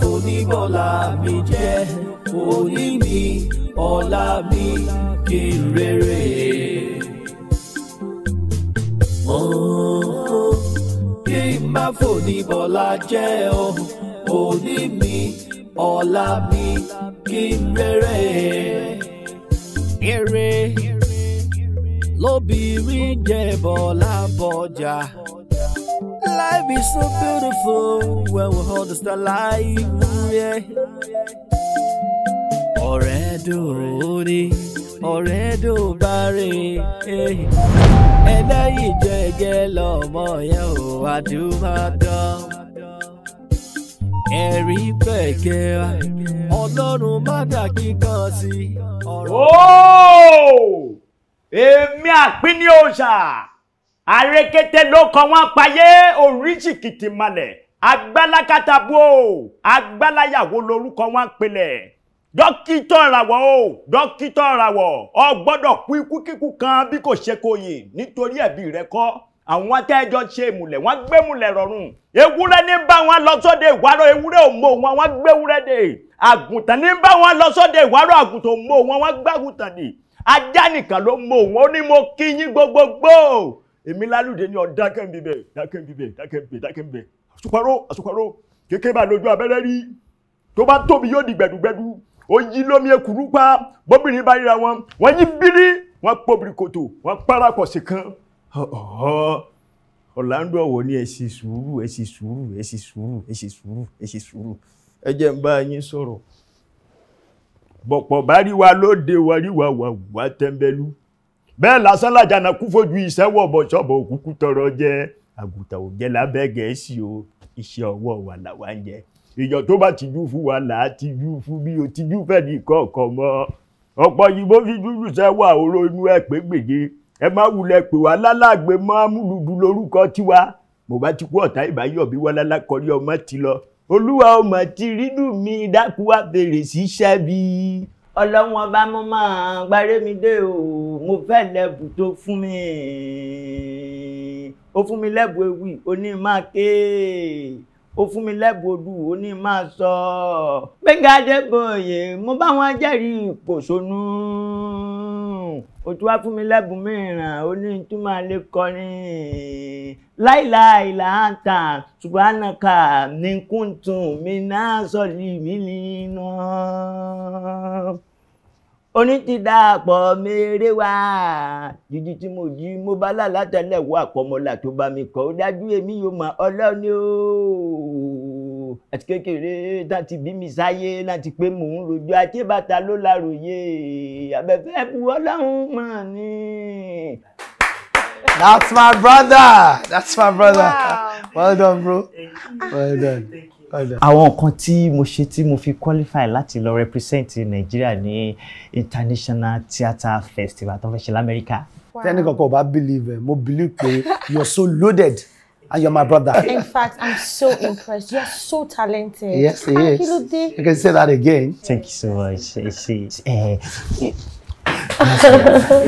foníbọ̀lá mi jẹ́ òní mi ọ̀la mi kí n rere. kí n má foníbọ̀lá jẹ́ òní mi ọ̀la mi kí n rere. Èrè lóbìnrin jẹ́ bọ́lá bọ́jà life is so beautiful when we hold the starlight. Yeah. Ọ̀rẹ́ dùn rí, ọ̀rẹ́ dùn bá rí. Ẹlẹ́yìí jẹ́ ẹgẹ́ I do my àdúmọ̀dán. Ẹ̀rí pẹ̀kẹ́ wa, Ọlọ́run má dà kíkan sí. Èmi àpín ní òòṣà àrekete ló kọ wọn payé oríṣìkìtì malẹ̀ agbálákàtàbù o agbáláyàwó lorúkọ wọn pelẹ̀ dókítà ìràwọ̀ o dókítà ìràwọ̀ ọ gbọ́dọ̀ kú ikú kíkú kan bí kò ṣe kò yè nítorí ẹ̀bí rẹ kọ́ àwọn atẹ́jọ́ ṣe ìmùlẹ̀ wọ́n gbé múlẹ̀ rọrùn ewúrẹ́ ní bá wọn lọ sóde ìwárọ̀ ewúrẹ́ ò mọ wọn wọ́n gbé wúrẹ́ dè àgùntàn ní bá wọn lọ sóde ìwárọ̀ àgùntàn ò mọ wọn gbé àgùntàn dè ajá nìkan ló mọ wọn ó ní mo kí yín gbogbogbò èmi lálùdé ní ọ̀dá kẹ́mi bẹ̀ dákẹ́mi bẹ̀ dákẹ́mi bẹ̀ dákẹ́mi bẹ̀ àsùpàrọ̀ àsùpàrọ̀ kékeré bá lójú abẹ́rẹ́ rí tó bá tóbi yóò di gbẹ̀dùgbẹ̀dù ó yí lómi ekuru pa bóbìnrin bá ríra wọn wọ́n yí bírí wọ́n pòbìrì kòtò wọ́n parakọ̀ sí kan ọ̀làǹdó ọ̀wọ̀ ni ẹ ṣe sùúrù ẹ ṣe sùúrù ẹ ṣe sùúrù ẹ ṣe sùúrù ẹ ṣe sùúrù ẹ jẹ́ ń bá yín sọ̀rọ̀ bọ̀pọ̀ bá rí wa lóde wa rí wa wà wá tẹ́ńbẹ́lú bẹ́ẹ̀ lásán làjànà kú fojú iṣẹ́ wọ̀bọ̀ ṣọ́bọ̀ òkúkú tọrọ jẹ́ àgùntàn ò lábẹ́ gẹ̀ẹ́sì o iṣẹ́ ọwọ́ wa làwa ń jẹ ìjọ tó bá tijú fún wa là á tijú fún bí o tijú fẹ́ ní kọ̀ọ̀kan mọ́ ọ̀pọ̀ yìnbó fi dúdú sẹ́wà oró inú ẹ̀ pé gbèje ẹ má wulẹ̀ pè wá lálàgbé mọ́ amúlùdù lórúkọ tiwa mo bá ti kú ọ̀tá ìbáyọ̀ bí wọ́n lálákọ̀ọ́rí ọmọ ti lọ ọmọ ti mí dákúwá bèrè ọlọ́run ọba mo máa gbárémidé o mo fẹ́ lẹ́bù tó fún mi ó fún mi lẹ́bù ewì oní máa ké ó fún mi lẹ́bùodù ó ní máa sọ Gbẹ́ngà Adébóyè mo bá wọn jẹ́rìí ìpòsónú ó tún wá fún mi lẹ́bùn mìíràn ó ní tún máa lè kọrin láìláì láǹtà ṣùgbọ́nàkà ní kùntùn mi náà sọ̀lì mí nínú onítìdàpọ̀ mèrè wá jíjí tí mo jí mo bá là látẹ̀lẹ̀ wọ àpọ̀mọ́là tó bá mi kọ́ ó dájú èmi yóò mọ ọlọ́ni ooo àti kékeré láti bí mi sáyé láti pé mò ń rojú àti bàtà ló láròyé abẹ́fẹ́ bu ọlọ́run mọ̀ ni. That's my brother. That's my brother. Wow. Well done, bro. Well done àwọn nǹkan tí mo ṣe tí mo fi qualify láti lọ represent Nigeria ní international theatre festival tó fẹ́ ṣe lamẹ́ríkà. tẹ́ni kankan ò bá believe ẹ̀ mo believe pé you're so loaded and you're my brother. in fact i'm so impressed you're so talented. yes he ah, is you can say that again. thank you so much.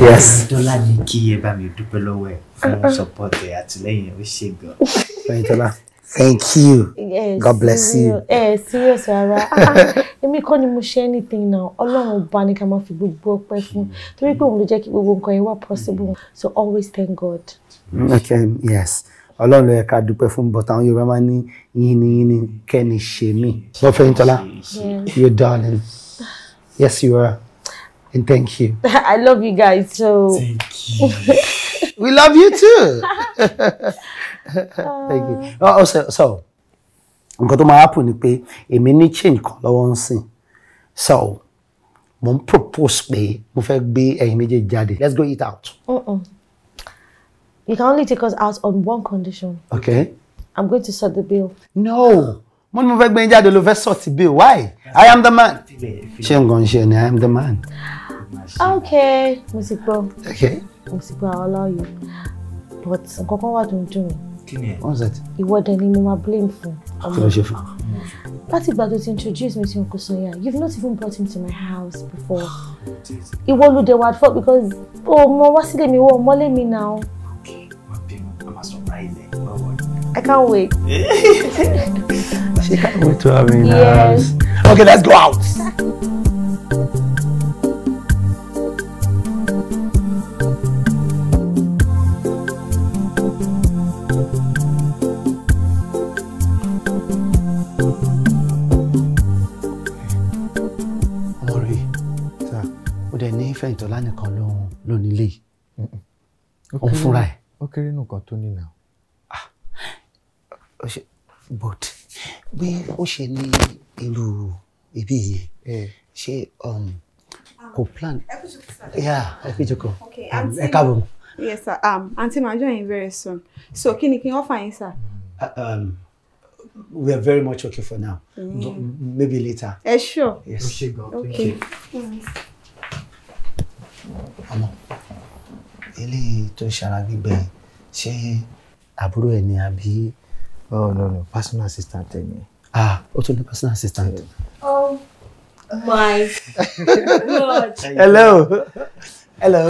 yes. dọ́là ni kí ẹ bá mi dúpẹ́ lọ́wọ́ ẹ̀ fún support ẹ̀ àtìlẹ́yìn ẹ̀ ó ṣe gan thank you yes, god bless you. Eh, serious rárá ah, èmi kọ́ ni mo share anything now ọlọ́run ọba ni ká máa fi gbogbo ọpẹ́ fún torí pé òun ló jẹ́ kí gbogbo nǹkan yẹn wà possible so always thank god. okay yes ọlọ́run ló yẹ ká dúpẹ́ fún but àwọn yorùbá máa ní yínní yínní kẹ́ni ṣe mí. wọ́n fẹ́ yíntọ́lá you darling yes you are and thank you. i love you guys so. thank you. we love you too. Thank ọsẹ ah. oh, oh, so nǹkan tó máa happen ni pé èmi ní change kan lọ́wọ́ ń sìn so mo ń propose pé mo fẹ́ gbé ẹyin méjèèjì jáde let's go eat out. Mm -mm. You can only take us out on one condition. Okay. I'm going to sort the bill. No. Mo ní mo fẹ́ gbé yín jáde ló fẹ́ sort the bill. Why? I am the man. Ṣé nǹkan ń ṣe ni I am the man? Okay, mo ti gbọ́. Okay. Mo ti gbọ́ I'll allow you. But nǹkan kan wà tó ń dùn mí kí ni ẹ. what's that. ìwọ́dẹ ni mo máa blame fún. kí ló ṣe fún. láti ìgbà tó ti introduce me to uncle sonya you've not even brought him to my house before. Ah, ìwọ ló dé wá fọ because o mọ wá sílé mi wọ ọmọlé mi náà. okay má bínú a máa surprise ẹ báwo ni. I can't wait. she can't wait to have me in yes. her house. Okay, let's go out. Fẹ́yìntọ́lá nìkan ló ń lò nílé yìí òun fúnra ẹ̀. ó kéré nǹkan tó ní náà. Ah. but bí ó ṣe ní irú ibi yìí ṣé um, kò plan ẹ fi jókòó um, ẹ káàbọ̀. yes sir um, aunty ma join you very soon so kí ni kí n offer yín sir. Uh, um, we are very much okay for now. Mm. maybe later. Uh, sure. Yes. Okay. okay. okay àmọ́ eléyìí tó ń ṣara gbígbẹ yìí àbúrò ẹ ni àbí. oh no no personal assistant ẹ ni. ah ó tún ní personal assistant. oh my god. hello hello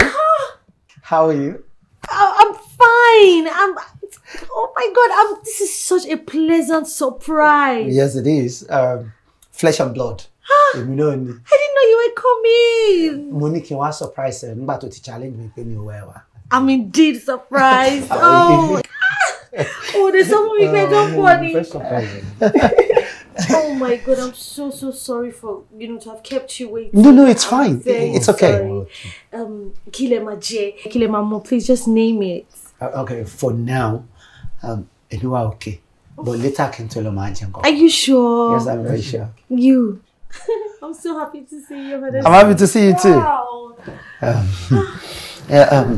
how are you. Oh, I'm fine. I'm. Oh my god. I'm. This is such a pleasant surprise. Yes, it is. Um, flesh and blood. èmi náà ni. I didn't know you were coming. mo ní kí n wá surprise ẹ nígbà tó ti challenge mi pé mi ò wá wá. I'm indeed surprised. oh, oh there's something we can go for ni. oh my god, I'm so so sorry for you know to have kept you waiting. No, no, it's fine. It's okay. Um, Kilema J, Kilema Mo, please just name it. Uh, okay, for now, um, Enua okay, but later I can tell you Are you sure? Yes, I'm very sure. You. I'm so happy to see you. I'm happy to see you too. Wow. Um, yeah, um,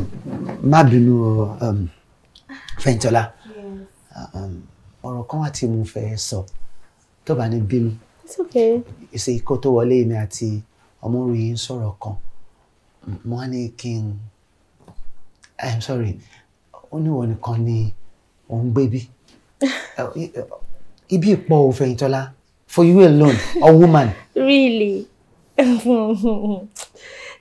má bínú um, Fẹ́yìntọ́lá. Yes. Uh, um, ọ̀rọ̀ kan wà tí mo fẹ́ sọ tó It's okay. Ìṣe ikó tó wọlé mi àti ọmọrin yìí ń king. I'm sorry. Ó ní ìwọ nìkan baby. Ibi ìpọ̀ ò for you alone or woman. really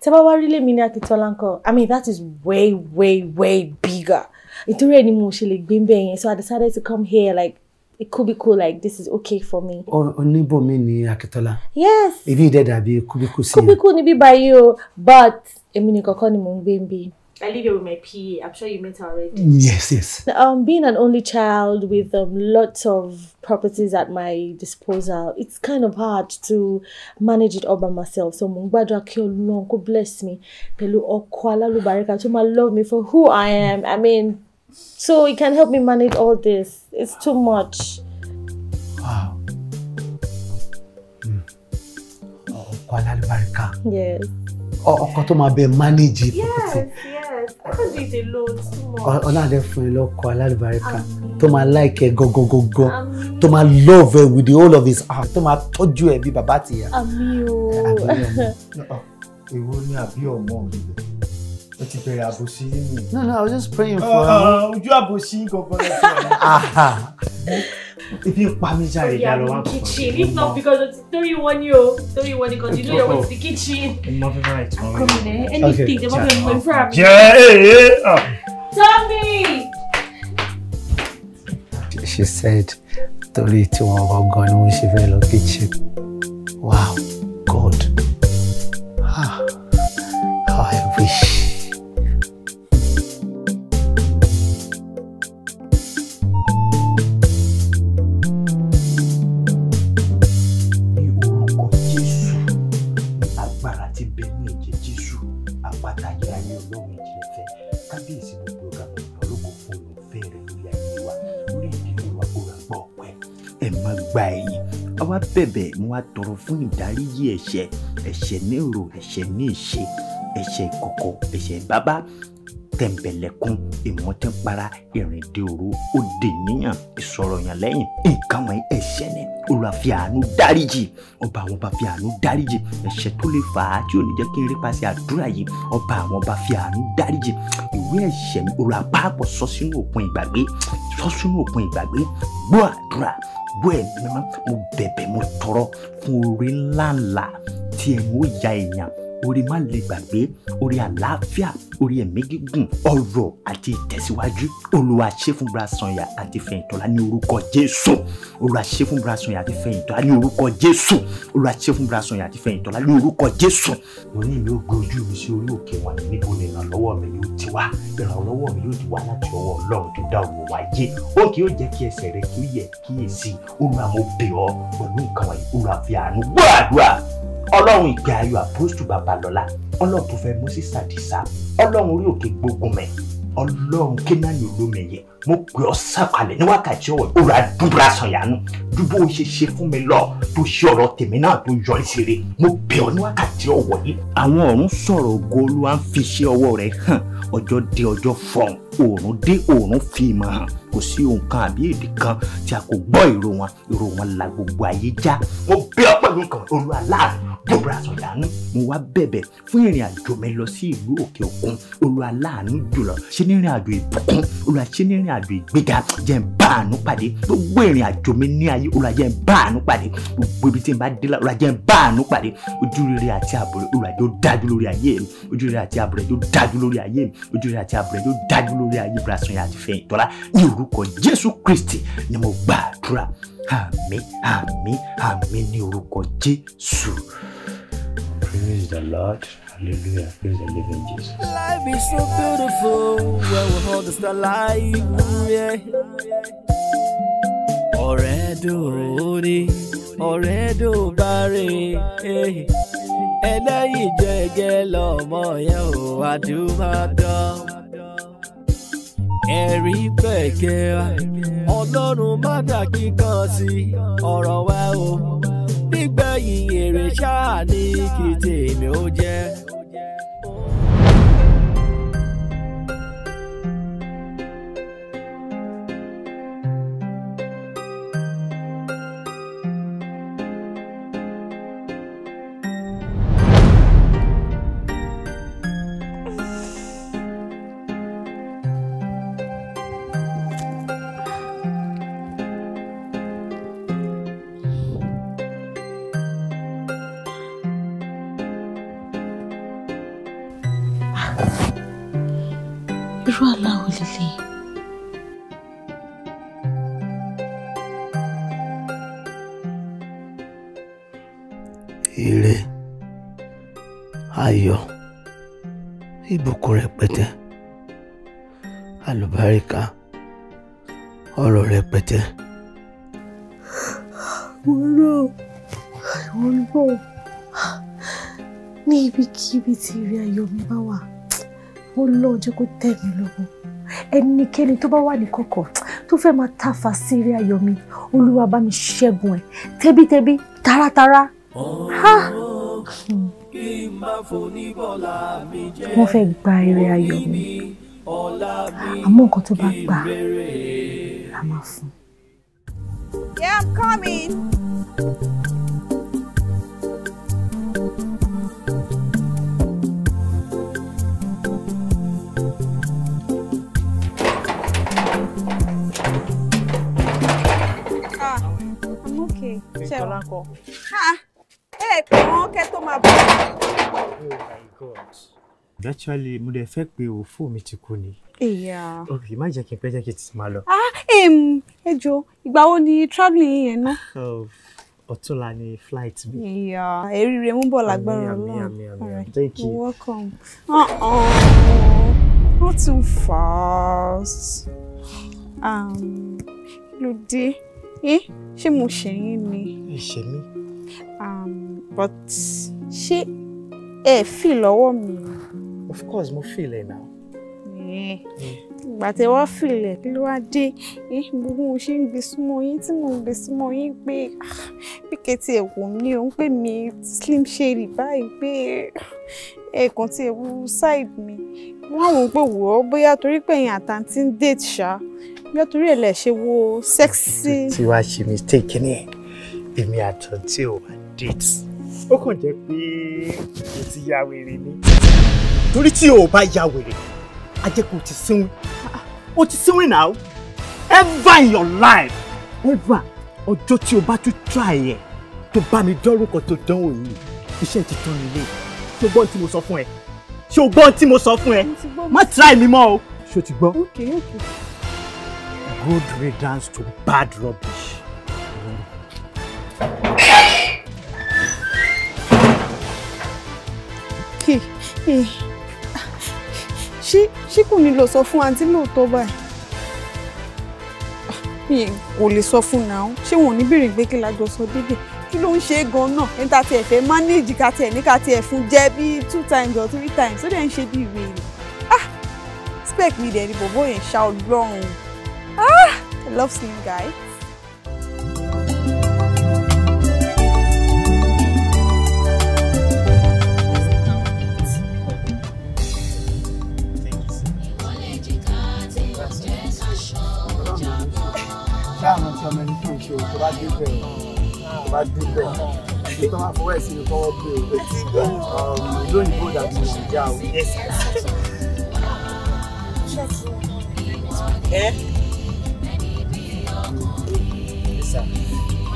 tẹ bá wá rí lèmi ní akitola nǹkan i mean that is way way way bigger It's ẹ ni mo ṣe so i decided to come here like it could be cool like this is okay for me. oníbòmí ni akitola. yes. ibi ìdẹ́dà bíi kúbíkú be i. kúbíkú ni bíbá yìí o but you, but I mean, mò ń gbé ń bí. I live here with my PA. I'm sure you met her already. Yes, yes. Um, being an only child with um, lots of properties at my disposal, it's kind of hard to manage it all by myself. So Mungbadra Kyolong could bless me. Pelu Okwala Lubarika to love me for who I am. I mean, so it can help me manage all this. It's too much. Wow. Mm. Okwala Lubarika. Yes. Or Okoto be manage it. Yes, yes. ọlọ́dẹ fún ẹ lọ́kọ alálùbáríkà tó máa like ẹ gọ́gọ́gọ́gọ́ tó máa love with the whole of his heart tó máa tọ́jú ẹ bí bàbá àtìyá. àmì o. èwo ni àbí ọmọ mi bẹ̀rẹ̀ ti bẹ̀rẹ̀ àbòsí nínú. no no i was just praying for am. Ah, ojú àbòsí gangan lọ sí ọ. ibi ń pa mi jáde dá lọ wá. kitchen if not because o ti torí wọn ni o torí wọn because you know your way to the kitchen. mo fẹ́ fẹ́ ìtumọ̀ mi. come anything dem fẹ́ mọ ìfúra mi. jẹ ee. Tommy. she said torí tí wọn gangan ni wọn ṣe fẹ́ lọ kitchen wow god. wá bẹ̀bẹ̀ mo wá tọrọ fún ìdáríjì ẹ̀ṣẹ̀ ẹ̀ṣẹ̀ ní èrò ẹ̀ṣẹ̀ ní ìṣe ẹ̀ṣẹ̀ ìkọ̀kọ̀ ẹ̀ṣẹ̀ bàbá tẹ̀m̀bẹ̀lẹ̀kun ìmọ̀tẹ́para ìrìndè òru òdè yíyàn ìsọ̀rọ̀ yàn lẹ́yìn nǹkan wọ̀nyí ẹ̀ṣẹ̀ ni Olúwa dáríjì ọba àwọn ọba fi dáríjì ẹ̀ṣẹ̀ tó lè fà á tí ò ní jẹ́ kí n rí paṣẹ àdúrà yìí ọba àwọn ọba fi àánú dáríjì ìwé ẹ̀ṣẹ̀ mi Olúwa pàápọ̀ sọ sínú òpin ìgbàgbé sọ sínú òpin ìgbàgbé gbọ́ àdúrà gbọ́ ẹ̀mí mímọ́ mo bẹ̀bẹ̀ mo tọrọ fún orí ńláńlá tí ẹnu ó ya èèyàn orí má lè gbàgbé orí àlàáfíà orí ẹ̀mí gígùn ọ̀rọ̀ àti ìtẹ̀síwájú olúwa ṣe fún Brasanya àti Fẹ̀yìntọ́lá ní orúkọ Jésù olúwa ṣe fún Brasanya àti Fẹ̀yìntọ́lá ní orúkọ Jésù olúwa ṣe fún Brasanya àti Fẹ̀yìntọ́lá ní orúkọ Jésù. mo ní ìlú ògbé ojú mi sí orí òkè wa níbo ni ìrànlọ́wọ́ mi yóò ti wá ìrànlọ́wọ́ mi yóò ti wá láti ọwọ́ Ọlọ́run tó dá òun wáyé ó kì yóò jẹ́ kí ẹsẹ̀ rẹ kí ó yẹ ọlọ́run ìgbé ayọ̀ àpòstù babalọ́lá ọlọ́run tó fẹ́ moses adisa ọlọ́run orí òkè gbógun mẹ́ ọlọ́run kénáàní olómẹyẹ mo pè ọ́ sàpàlẹ̀ ní wákàtí ọ̀wọ̀ ó ra dúbúra sànyánú dúbò ó ṣe ṣe fún mi lọ tó ṣe ọ̀rọ̀ tèmi náà tó yọrí sí mo bẹ̀ ọ́ ní wákàtí ọ̀wọ̀ yìí. àwọn ọ̀run sọ̀rọ̀ ògo olúwa ń fi ṣe ọwọ́ rẹ̀ hàn ọjọ́ dé ọjọ́ fọ̀hún òòrùn dé òòrùn fi ìmọ̀ hàn kò sí ohun kan àbí èdè kan tí a kò gbọ́ ìró wọn ìró wọn la gbogbo ayé já mo bí ọ pẹ̀lú nǹkan olú aláàánú gbogbo àsọ̀dánù mo wá bẹ̀bẹ̀ fún ìrìn àjò mi lọ sí ìlú òkè òkun olú aláàánú jùlọ ṣe ní ìrìn àjò ìbùkún olú ṣe ní ìrìn àjò ìgbéga jẹ́ ń bá àánú pàdé gbogbo ìrìn àjò mi ní ayé olú jẹ́ ń bá àánú pàdé gbogbo ibi tí n bá dé la olú jẹ́ ń bá àánú pàdé ojúrere àti àbúrò olú àjò dájú lórí ayé mi ojúrere àti àbúrò àjò lórí ayébúra sọyìn àti fẹ̀yìn tọ́lá ní orúkọ jésù kristi ni mo gbàdúrà àmín àmín àmín ní orúkọ jésù. praise the lord. Hallelujah. Praise the living Jesus. Life is so beautiful when we hold us alive. Yeah. Ọ̀rẹ́ dòrí, ọ̀rẹ́ dòbárẹ̀. Eh. Ẹlẹ́yìí jẹ́ gẹ́lọ́ yẹn ò àdúrà dán ẹ̀rí bẹ̀gẹ̀ wa ọlọ́run má dà kíkan sí ọ̀rọ̀ wa o nígbẹ̀yìn èrè ṣáà ní kìtì mi ó jẹ́. tí rí ayọ̀ mi bá wà ó lọ jẹ́ kó tẹ̀ mí lọ́wọ́ ẹnikẹ́ni tó bá wà ní kọ̀kọ̀ tó fẹ́ máa tàfà sí rí ayọ̀ mi olúwa bá mi ṣẹ́gun ẹ̀ tẹ́bítẹ́bí taratara. wọ́n fẹ́ gba eré ayọ̀ mi àmọ́ nǹkan tó bá gbà á máa fún. Yeah, I'm coming. Ṣẹ́wọ̀n ẹ pè wọ́n kẹ́ tó máa bọ̀. Oh Actually, mo dẹ̀ fẹ́ pé òfò mi ti kú ni. Ìyá. Ok, má jẹ́ kí n pẹ́ jẹ́ kí n ti máa lọ. Ah, ẹ jọ, ìgbà wo ni travelling yìí yẹn ná? Oh, Ọ̀túnla ni flight mi. Ìyá, èrí rẹ̀ mú bọ̀ lágbára náà. Àmì àmì àmì Thank you. You're welcome. Not too fast. Um, ló dé eh ṣé mo ṣẹ̀yìn ni. ìṣe mi. Um, but ṣé ẹ fi lọ́wọ́ mi. of course mo fi ilẹ̀ náà. ìgbà tí wọ́n fi ilẹ̀ kí ló wá dé eh, gbogbo mo ṣe ń gbé súnmọ́ yín tí mo ń gbé súnmọ́ yín pé ah, píkẹ́ tí ẹ̀ wò mí ò ń pè slim shady báyìí pé ẹ̀ẹ̀kan tí ẹ̀ wú side mi wọ́n á wò ó pé wò ó bóyá torí pé ẹ̀yin àtàntí ń date ṣáá. Mi wọ́n torí ẹ̀ lẹ̀ ṣe wo sẹ́ksì. tí wàá ṣe mistake ni èmi àtọ̀ tí ò wá date ó kàn jẹ́ pé o ti ya wèrè ni. torí tí o bá ya wèrè a jẹ́ kó o ti sínwín o ti sínwín náà ever in your life ever ọjọ́ tí o bá tún try ẹ̀ tó bá mi dọ́rùkọ tó dánwò yìí iṣẹ́ ti tán nílé ṣé o gbọ́ ohun tí mo sọ fún ẹ ṣé o gbọ́ ohun tí mo sọ fún ẹ má try mi mọ́ o ṣé o ti gbọ́. okay okay good riddance to bad rubbish. ṣé ṣé kò ní lọ sọ fún àǹtí lóòótọ́ báyìí mi kò lè sọ fún náà ṣé wọn ò ní béèrè pé kí la jọ sọ dédé kí ló ń ṣe é gan-an náà níta tiẹ̀ fẹ́ manage ká tiẹ̀ ní ká tiẹ̀ fún jẹ́ bíi two times or three times ó dẹ̀ ń ṣe bíi wèrè ah spec mi dẹ̀ ni bòbó yẹn ṣá ọlọ́run. Ah, I love seeing you guys. dáhùn tí ọmọ ẹni tó ń ṣe o tó bá dé bẹ́ẹ̀ tó bá dé bẹ́ẹ̀ àti tó máa fọwọ́ ẹ̀ sí ni kọ́wọ́ gbé o um, ìlú òyìnbó dàbí nàìjíríà o.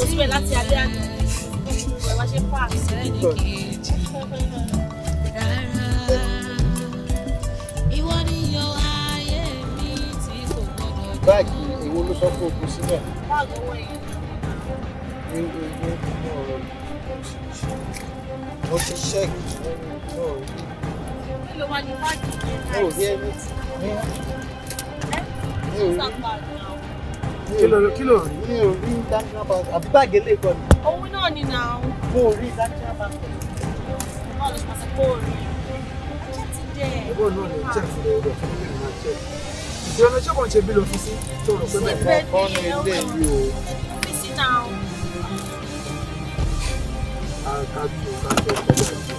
síbẹ̀ láti alẹ́ àná ẹ ṣe pa àṣẹrẹ́ ní ìwọ ni yọ ayé mi tí kò gbọdọ̀ báàgì èwo ló sọ pé o síbẹ̀. báàgì owó yìí. ní ojú ọmọ ọ̀rọ̀ mo ti ṣẹ́ẹ̀kì nínú ọ̀rọ̀. kí ló wá ní báàgì yìí. mi ò ẹni tí mi ò rí kí ló kí ló rí. mi ò rí international passport àbí báàgì ilé ìkọ́ni. òun náà ni nà mo ò rí international passport. náà ló ṣe kó o rí ojú ti dẹ. ìbọn náà lè jẹ́ ìfúnlẹ̀ ọ̀dọ̀ fún mi ìrìn àjẹ́. ìrọ̀lẹ́ ṣé kò ń ṣe bí lo fi sí tó rò pé bẹ́ẹ̀. síbẹ̀ ni ilé yìí o. fi sí nà ó. àkàbí òkà tó ń bẹ̀rẹ̀ ọmọ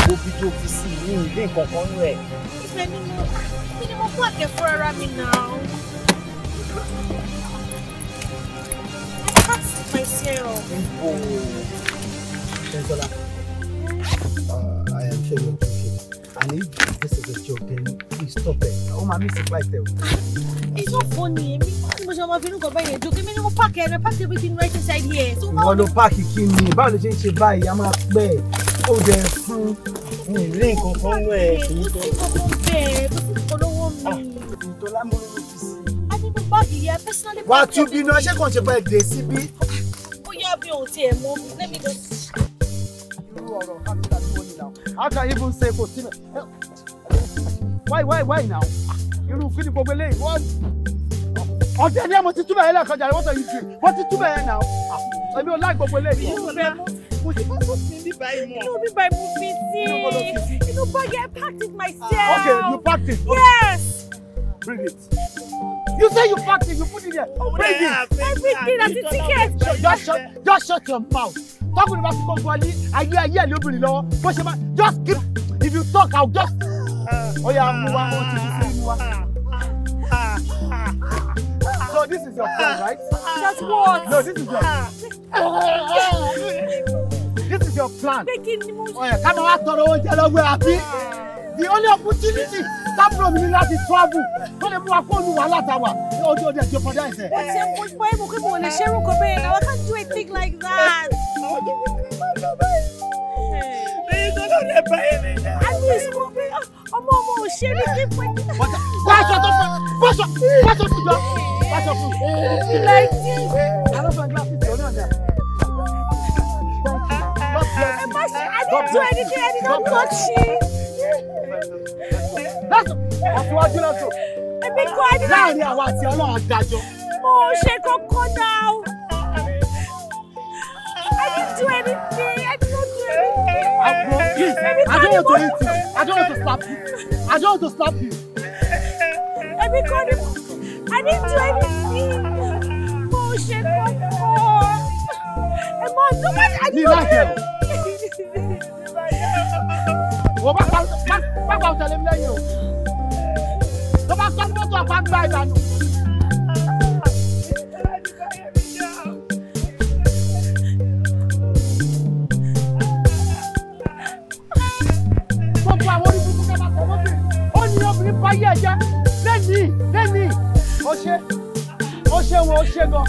ògbó bí tó fi sí ìlú ìlú ìkọ̀ọ̀kan rẹ̀. ìfẹ́ nínú mi ni I can't see my serum. Ṣẹ́ńtọ́lá, I am sure you are okay. I need this is a joke then please stop it. Oh, máa mí sí pàìtẹ́ It's not funny. Èmi kí mo ṣe ọmọ fi inú kan báyìí ẹ̀jọ́ kí mi ni mo pack everything right inside here. Ìwọ ló páàkì kí ni? Báwo ló ṣe ń ṣe báyìí? A máa pẹ́ ẹ̀. Ó jẹ fún mi ní nǹkan kan nú ẹ̀ kì í tọ́. Mo ti kọ́kọ́ bẹ̀rẹ̀ olówó mi. ìdọ́lá ah, mo fi sí. a ní bí báàgì yẹn personally. wàá tún bínú ẹṣẹ kan ṣe bá dé síbí. bóyá bí o tiẹ̀ mọ mi lẹ́mi lọ. irú ọ̀rọ̀ káfíńtà tí wọ́n ní náà how can you even say kò sí náà why why why now irú kí ni gbogbo eléyìí ọ̀dẹ̀ ni ẹ mo ti túbẹ̀ yẹn lẹ́ẹ̀kan jàre wọ́n sọ yìí ju wọ́n ti túbẹ̀ yẹn náà ẹ̀mí ò láì gbogbo eléyìí mo ṣe fún mi bíbá ìmọ̀. inú bíbá ìmọ̀ fi sí i inú bọ́ọ̀gì I packed it myself. okay you packed it. yes. bring it. You say you packed it, you put it there. Oh, Bring yeah, it. Everything as a ticket. Just, shut, just shut your mouth. Talking about people who I hear, I hear, nobody know. But just keep. If you talk, I'll just. Uh, oh yeah, move on. Oh, move on. So this is your phone, right? Just what. No, this is your your plan. ká máa wá tọrọ oúnjẹ lọ́wọ́ àbí the only opportunity sábúrò mi ní láti travel tó lè mú wa kó olùwà látàwà ní ojú ọdẹ tí o kọjá ẹsẹ. ó ti ń pọ́n bóyá mo kí mo lè ṣerú nǹkan bẹ́ẹ̀ náà I can't do a thing like that. èyí tó lọ lè bá yẹn mi. àbí ìsìnkú pé ọmọ ọmọ ò ṣe ní kí pẹ́. báṣọ tó fún báṣọ báṣọ fún jọ báṣọ fún. ìlà ìdí. àlọ́ fún ẹgbẹ́ àfi. I didn't do anything. I didn't touch you. Lásán, ọ̀sùnwájú lásán. Èmi kọ́ ẹni náà. Láàárín àwa àti ọlọ́run àdájọ́. Mo ṣe kókó náà. I didn't do anything. I didn't do anything. I don't want to hit you. I don't want to slap you. I don't want to slap you. Èmi kọ́ ni I didn't do anything. Mo ṣe kókó ẹ̀gbọ́n ló má ṣe àdúgbò rẹ̀. wọ́n bá pa ọ̀tẹ̀lé mi lẹ́yìn o ló bá tọ́ mọ́tò àpágbá ìdànù. gbogbo àwọn oníbùkún kẹta tó mọ́bìnrin ó ní obìnrin báyé ẹ̀jẹ̀ lẹ́nìí lẹ́nìí ó ṣe ó ṣe wọn ó ṣe gan.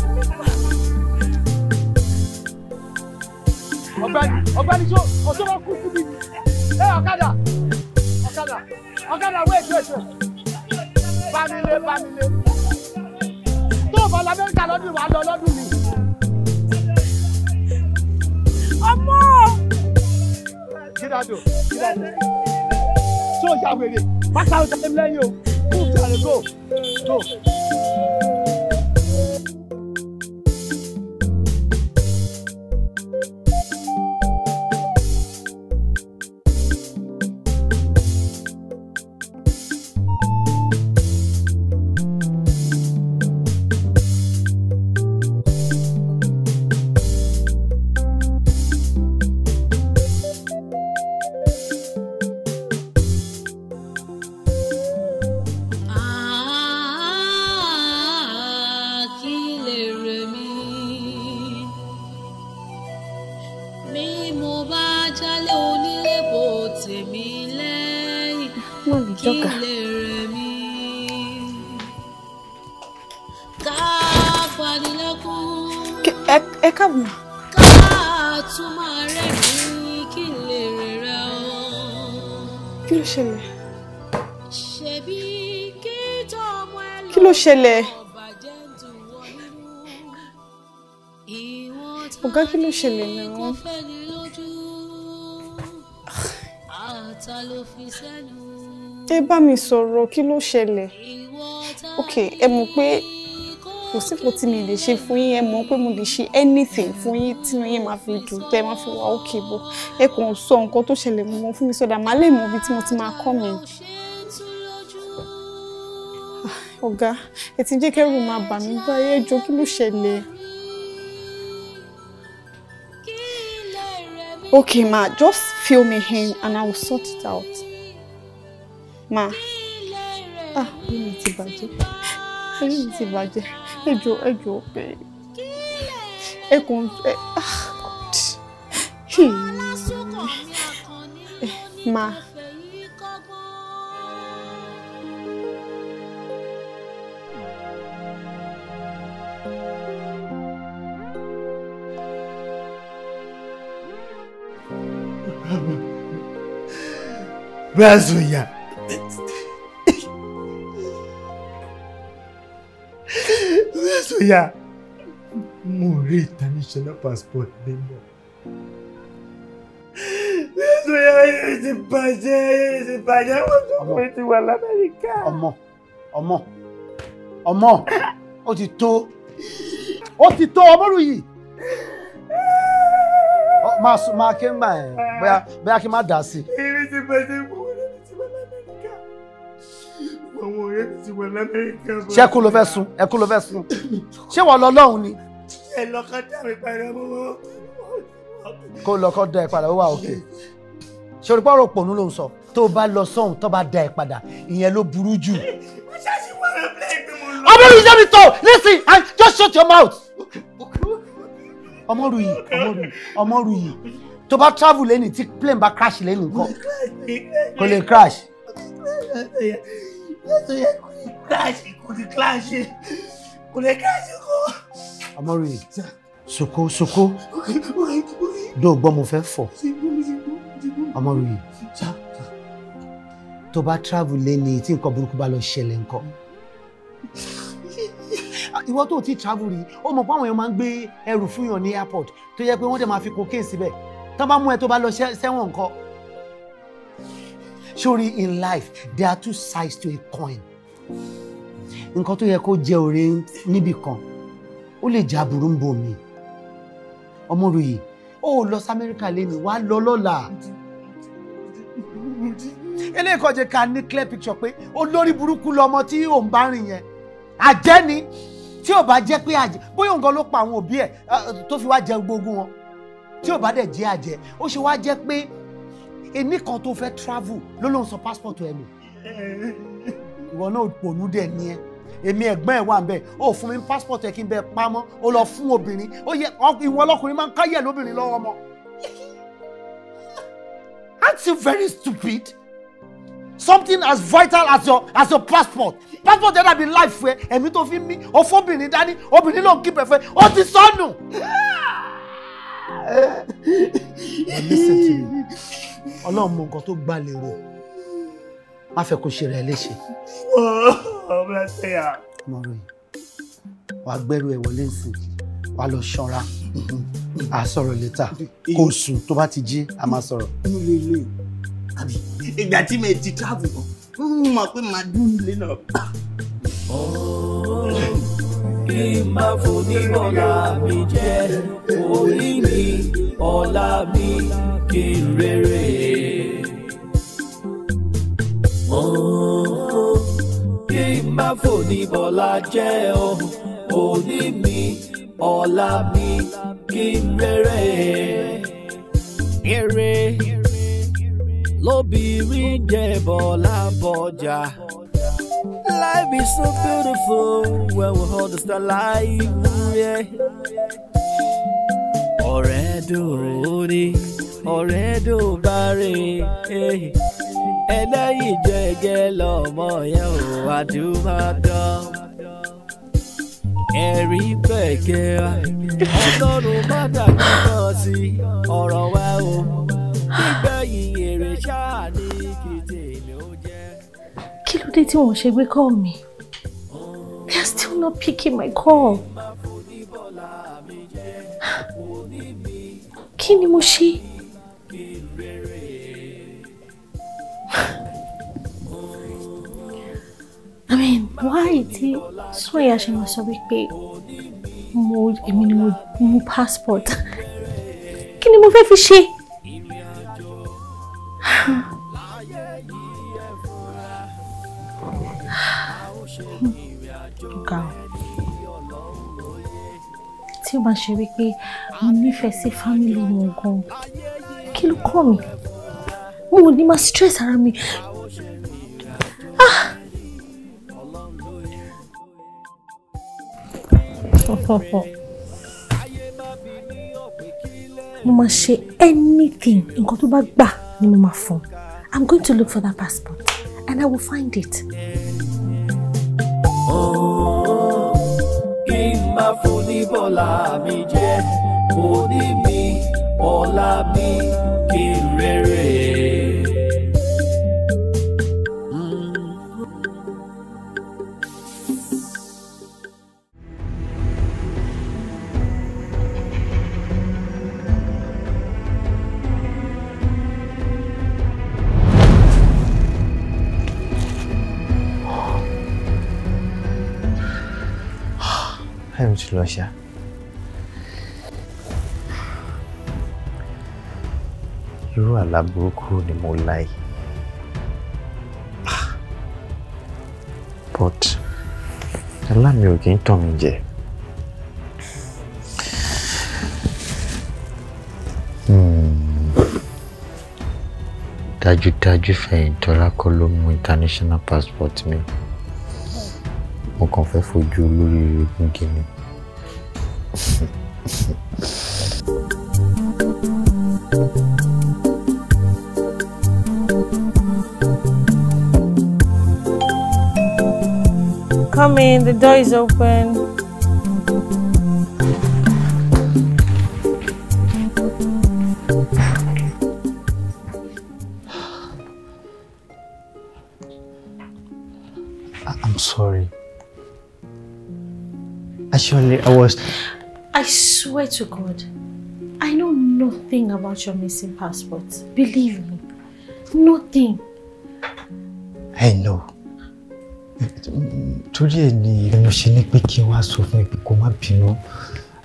ọ̀gbẹ́ni ọ̀gbẹ́ni tó ọjọ́ bá kú síbi ẹ ọ̀kadà ọ̀kadà ọ̀kadà wait wait bámilé bámilé tó o bọ̀ lọ amẹ́ríkà lọ́dún wà lọ lọ́dún mi. ọmọ. gídàdò gídàdò tó yà wèrè bàtà ọ̀sẹ̀ mi lẹ́yìn o kú ìjà rẹ̀ go go. ṣẹlẹ̀? Ọ̀gá kí ló ṣẹlẹ̀ náà? Ẹ bá mi sọ̀rọ̀ kí ló ṣẹlẹ̀? Ok, ẹ mọ̀ pé kò sí kò tí mi lè ṣe fún yín ẹ mọ̀ pé mo lè ṣe anything fún yín tí yín máa fi dùn tẹ́ máa fi wà ókè bò ẹ kàn sọ nǹkan tó ṣẹlẹ̀ mọ́ fún mi sọ́dà màá lè mọ ibi tí mo ti máa kọ́ mi ọ̀gá ẹ ti jẹ́ kẹ́rù máa bà mí báyé ẹjọ́ kí ló ṣẹlẹ̀. okay ma just fill me in and i will sort it out ma ah orí mi ti bàjẹ́ orí mi ti bàjẹ́ ẹjọ́ ẹjọ́ pé ẹ kàn ẹ ah god hmm. eh, ma. Базуя. Bẹ́sùyà, mo rí international passport mi mọ̀. Bẹ́sùyà ayé ti bàjẹ́, ayé ti bàjẹ́, wọ́n tún pé ti wà l'Amẹ́ríkà. Ọmọ, ọmọ, ọmọ, o ti tó, ó ti tó ọmọlú yìí. Máa kí n gbà ẹ̀, bóyá kí n má dà sí. Irin ti bàjẹ́ mọ́. ṣé kú ló fẹ́ sun ẹ kú ló fẹ́ sun ṣé wọ́n lọ lọ́hùn ni. ẹ lọkọ dá mi padà mọ́. kó lọkọ dá ẹ padà ó wà òkè ṣe orí pọ́ọ̀rọ̀ pònú ló ń sọ tó bá lọ sọ́hùn tó bá dá ẹ padà ìyẹn ló burú jù. ọmọ yìí jẹ́ mi tọ̀ listen and just shut your mouth. ọmọ rù yìí ọmọ rù yìí ọmọ rù yìí tó bá travel lẹ́nu tí plane bá crash lẹ́nu nǹkan kò lè crash tó yẹ kó ní kíláàsì kó ní kíláàsì kó ní kíláàsì kó. amọ̀rì soko soko dó gbọ́ mo fẹ́ fọ̀ amọ̀rì tó bá travel lẹ́ni tí nǹkan burúkú bá lọ ṣẹlẹ̀ nǹkan ìwọ tó ti travel rí ó mọ̀ pé àwọn èèyàn máa ń gbé ẹrù fún yàn ní airport tó yẹ pé wọ́n dẹ̀ máa fi cocaine síbẹ̀ tó bá mú ẹ tó bá lọ sẹ́wọ̀n nǹkan sórí in life there are two sides to a coin nǹkan tó yẹ kó jẹ ọ̀rẹ́ níbì kan ó lè jẹ aburú ń bò mí ọmọròyè ó lọ sí amẹ́ríkà lẹ́nu wàá lọ lọ́la eléyìí kan ká ní clear picture pé olórí burúkú lọmọ tí òun bá rìn yẹn àjẹ́ ni tí ò bá jẹ́ pé àjẹ́ bóyá òun gan ló pa àwọn òbí ẹ̀ tó fi wá jẹ gbogbo wọn tí ò bá dẹ̀ jẹ́ àjẹ́ ó ṣe wá jẹ́ pé ẹni kan tó fẹ́ travel ló ló ń sọ passport ẹ nù ìwọ náà pònú dẹ̀ ni ẹ èmi ẹ̀gbọ́n ẹ̀ wà ń bẹ̀ ó fún mi passport ẹ̀ kí n bẹ pamọ́ ó lọ fún obìnrin ó yẹ ìwọ ọlọ́kùnrin máa ń káyẹ̀ lóbìnrin lọ́wọ́ ọmọ. aren't you very stupid? something as vital as your as your passport passport yẹn dàbí life ẹ ẹ̀mí tó fi mí òfóbìnrin dání obìnrin ló ń kí pẹ̀fẹ́ ó ti sọnù. listen ọlọ́run mọ nǹkan tó gbà lérò má fẹ́ kó ṣe rẹ̀ léṣe. ọmọrò yìí wàá gbẹ́rù ẹ̀ wọlé nsìn wàá lọ ṣanra à sọ̀rọ̀ létà kó sùn tó bá ti jí a máa sọ̀rọ̀. ìgbà tí mi ti travel mo mọ̀ pé màá dúró lé náà. Oh kí n má fonímọ̀lá mi jẹ́ orí mi ọ̀la mi kí n rere. kí n má fonímọ̀lá jẹ́ orí mi ọ̀la mi kí n rere. Ere lóbìnrin jẹ́ bọ́lá bọ́jà. Life is so beautiful when we hold the starlight. Yeah. Ọ̀rẹ́ dùn ní, ọ̀rẹ́ dùn bá rìn. Ẹlẹ́yìn jẹ́gẹ́ lọ́mọ yẹn ò àdúmọ̀dán. Ẹ̀rí pẹ̀kẹ́ wa, ọlọ́run má dàgbà náà sí ọ̀rọ̀ wa o. Nígbẹ̀yìn èrè ṣáà ni dé tí wọ́n She will call me. They are still not picking my call. Kí ni mo ṣe? I mean, why ti Sọ́yà ṣe máa sọ wípé mo more? ni mo mú passport? Kí ni mo fẹ́ fi ṣe? ga ọ tí ó bá ṣe wípé mo nífẹ̀ẹ́ sí fámìlì wọn gan kí ló kọ́ mi wọn ò ní máa stress ara mi. Ah! mo máa ṣe anything nǹkan tó bá gbà ni mo máa fún I'm going to look for that passport and I will find it. Oh má fún ní bọ́lá mi jẹ́ mo ní mi ọ̀la mi kí n rere. dulu Aisyah irú àlá buku ni mo lá yìí ah. but àlá mi ò kì í tàn mí jẹ hmm. dájúdájú Fẹ̀yìntọ́lá kọ́ mú international passport mi mo kàn fẹ́ fojú olórí igun gini. Come in, the door is open. I'm sorry. Actually, I was I swear to God, I know nothing about your missing passport. Believe me, nothing. I know. Torí ẹ̀ ni mo ṣe ní pé kí n wá sọ fún ẹ pé má bínú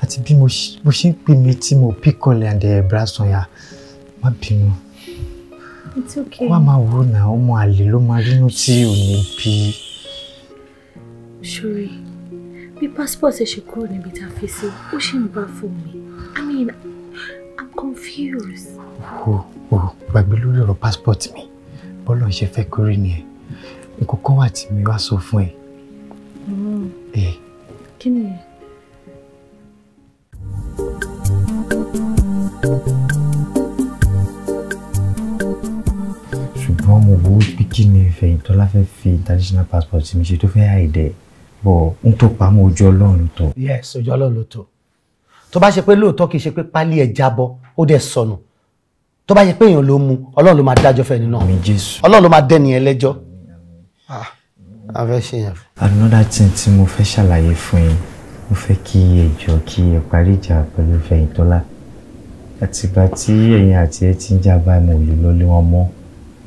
àti bí mo ṣe ń pè mí tí mo píkọ̀lẹ̀ àdẹ̀ Brassonya má bínú. It's okay. Wá máa wò náà ọmọ àlè ló máa rínú tí ò ní bíi. passport ẹ she kúrò níbi tá a fi sí ó ṣì ń bá i mean i'm confused. Oh, ò gbàgbé lórí your passport mi bọ́lá she fake kórè ni ẹ̀ nǹkan kan wà tí so wá sọ Eh. ẹ. kí ni ẹ. ṣùgbọ́n mo wo pé kí ni ìfẹ̀yìntọ́lá fẹ́ fi international passport mi ṣe tó fẹ́ àìdẹ́ ẹ̀ bọ̀ n tó pamọ́ ojú ọlọ́run ló yes ojú ọlọ́run ló tọ́ tó bá ṣe pé lóòótọ́ kì í ṣe pé pálí ẹ̀ jábọ́ ó dẹ̀ sọnù tó bá ṣe pé èèyàn ló mú ọlọ́run ló máa dájọ́ fẹ́ni náà ọlọ́run ló máa dẹ́ni ẹ ah, a fẹ́ ṣe yẹn. another thing tí mo fẹ́ ṣàlàyé fún yín mo fẹ́ kí ẹ jọ kí ẹ parí ìjà pẹ̀lú fẹ̀yìntọ́lá àtìgbà tí ẹ̀yin àti ẹ ti ń jà báyìí mo lè lọ lé wọn mọ́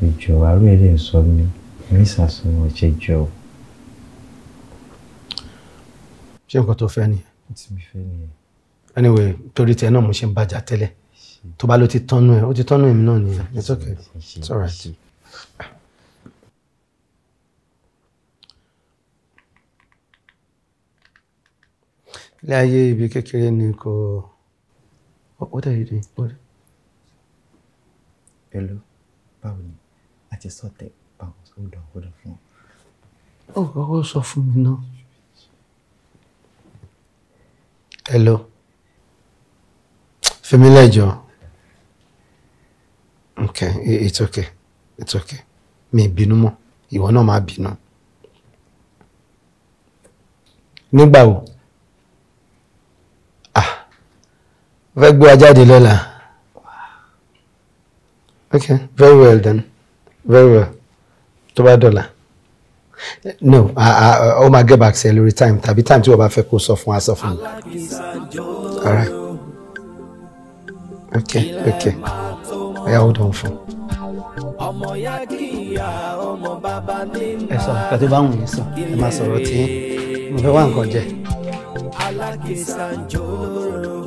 ìjọ àárọ̀ ẹ̀ lè sọ mi ní ìsàsùn ọ̀ṣẹ́jọ́. ṣé nǹkan tó fẹ́ nìyẹn. anyway torí tiẹ̀ náà mo ṣe ń bàjá tẹ́lẹ̀ tó bá ló ti tọ́nu ẹ̀ ó ti tọ́nu èmi náà nìyẹn it's okay it's alright. ilé ayé ibi kékeré ni kò what are you doing? hello báwo ni àti sọ́tẹ̀ báwo hold on hold on fún ọ. ó kọ́kọ́ sọ fún mi náà. hello Familiar, lẹ́jọ́ okay it's okay it's okay Me bínú mọ́ ìwọ náà má bínú nígbà wo ah fẹ́ gbé wa jáde lọ́la okay very well then very well tó bá no ó máa get back sí ẹ lórí time tàbí time tí wọ́n bá fẹ́ kó sọ fún wa sọ fún mi all right okay okay ẹ̀yà ó dán fún. ọmọ ya kí ìyá ọmọ bàbá ní ma ẹ sọ nǹkan tó bá wù yín sọ ẹ máa sọ̀rọ̀ tí mo fẹ́ wá nǹkan jẹ. alákìsà jòrò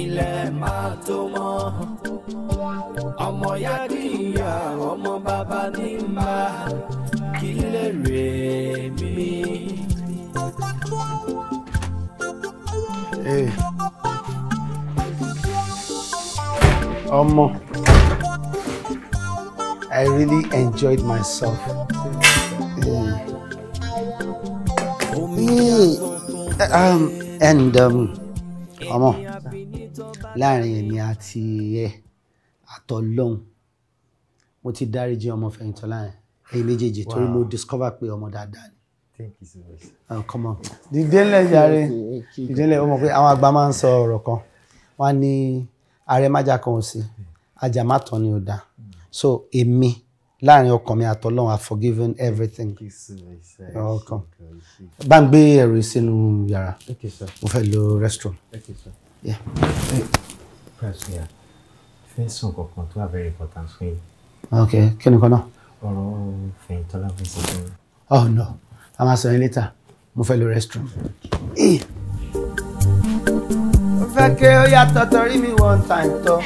ilẹ̀ máa tó mọ́ ọmọ ya níyà ọmọ bàbá ní mbà kí lè rè mí. ọmọ I really enjoyed myself. Mm. Mm. Um, and um, ọmọ láàrin èmi àti ẹ. Eh, tọ́lọ́hún mo ti dáríjì ọmọ fẹ̀yìntọ́lá yẹn èyí méjèèjì torí mo discover pé ọmọ dáadáa ni. Thank you so oh, come on. Dídélẹ̀ yàrá dídélẹ̀ ó mọ̀ pé àwọn àgbà máa ń sọ ọ̀rọ̀ kan. Wọ́n ní ààrẹ májà kan ò sí, ajá má tán ni ò dá. So èmi láàrin ọkàn mi àtọ́lọ́run I forgiven everything. Ọkàn. Bá ń gbé ẹ̀rù sínú yàrá. Mo fẹ́ lo restroom. Okay, sir. Yeah. Hey, press, yeah fẹ́ sọ kankan tó wà very important fún yín. ok kí ni kan ọ̀rọ̀ fẹ̀yìntọ́lá fún ṣe fún mi. oh no a máa sọ yín later mo fẹ́ lo restroom. Eh. mo fẹ́ kí ó yàtọ̀ torí mi one time tọ́.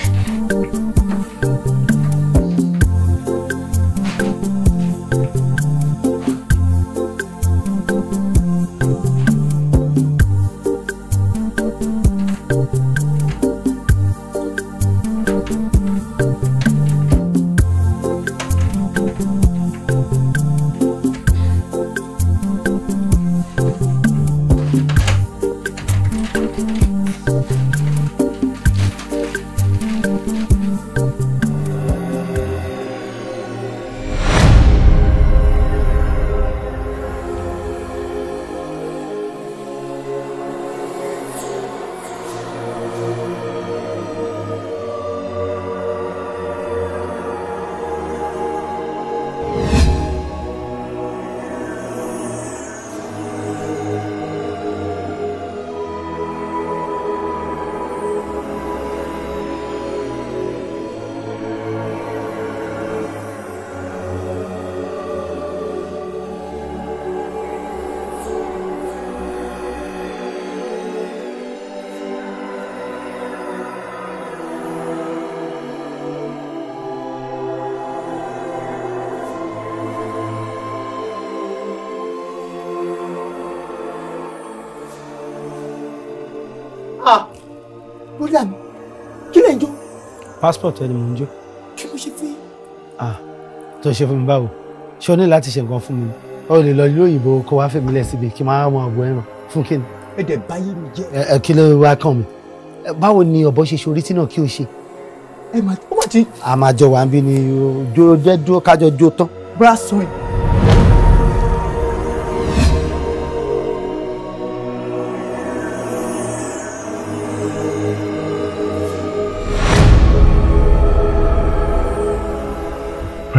passport ẹni mò ń jó. kí ló ṣe fún ah tó ṣe fún mi báwo ṣé o ní láti ṣe nǹkan fún mi o lè lọ ilé òyìnbó kó wá fèmí lẹ síbi kí n máa mọ ọgbọ ẹran fún kí ni. ẹ dẹ̀ báyé mi jẹ́. ẹ ẹ kí ló wá kàn mí báwo ni ọ̀bọ ṣe ṣe tí náà kí o ṣe. ẹ máa tó wà tí. àmàjọ wà ń bí ni ojú ọjọ́ dúró kájọ jó tán. brasson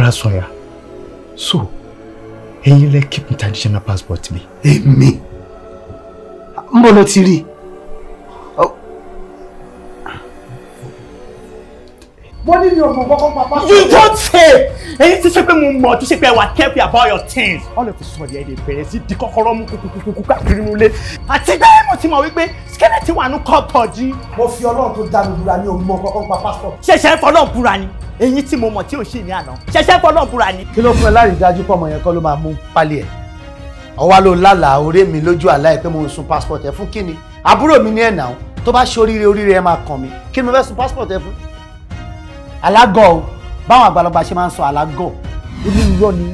Rárá Sọ̀yà. So, you lẹ keep international passport mi. Èmi. Ń Me? lọ ti oh. You don't say! Ẹ̀yin ti say pé mo mọ̀ tó ṣe pé I was careful about your things. Wọ́n lè fi sọ̀rọ̀ yẹn lè bẹ̀rẹ̀ The di You mú kúkúkú káàkiri nílé. Àti bẹ́ẹ̀ mo ti mọ̀ wípé skeleton wà ní kọ́ọ̀tọ̀ọ̀jì. Mo fi Ọlọ́run tó dá mi búra ní òun mọ̀ kọ́kọ́ pàpà sọ. Ṣẹ̀ṣẹ̀ fọlọ́ọ̀ búra ni eyín tí mo mọ̀ tí ò ṣì ní àná ṣẹṣẹ fọlọ́n búra ni. kí ló fún ẹ lárídájú pọ̀ ọmọ yẹn kọ́ ló máa mú pálí ẹ̀ ọwá ló lálàá ọ̀rẹ́ mi lójú àlá ẹ̀ pé mo sun passport ẹ̀ fún kíni àbúrò mi ní ẹ̀ náà tó bá ṣe oríire oríire ẹ̀ máa kàn mí kí ni mo fẹ́ sun passport ẹ̀ fún. alágọ̀ o báwọn àgbàlagbà ṣe máa ń sọ alágọ̀ ó ní irọ́ ni.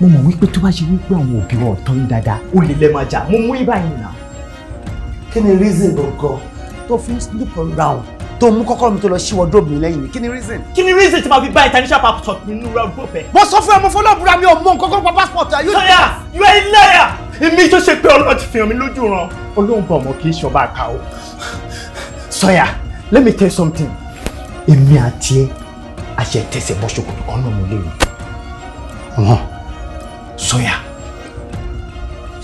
mo mọ̀ wípé tó bá ṣe wípé àwọn òbí wọn ọ̀tọ́ yín dáadáa ó lè lẹ́ máa jà mo mú ibà yìí nà. kí ni reason gbọ̀ngàn tó fi ń around tó mú kọ́kọ́rọ́ mi tó lọ sí wardrobe lẹ́yìn mi kí ni reason. kí ni reason tí màá fi bá international passport mi nínú rẹ gbọ́ bẹ́ẹ̀. mo sọ fún ẹ mo fọlọ́ búra mi ò mọ nǹkan kọ́kọ́ passport ẹ. sọyà you are a liar èmi tó ṣe pé ọlọ́run ti fihàn mi lójú ran. olóhùn bọ̀ mọ́ kì í ṣọba àká o. sọyà let me tell you something èmi àti ẹ àṣẹ tẹsẹ̀ bọ́ ṣòkòtò kan náà mo lè rí. sọyà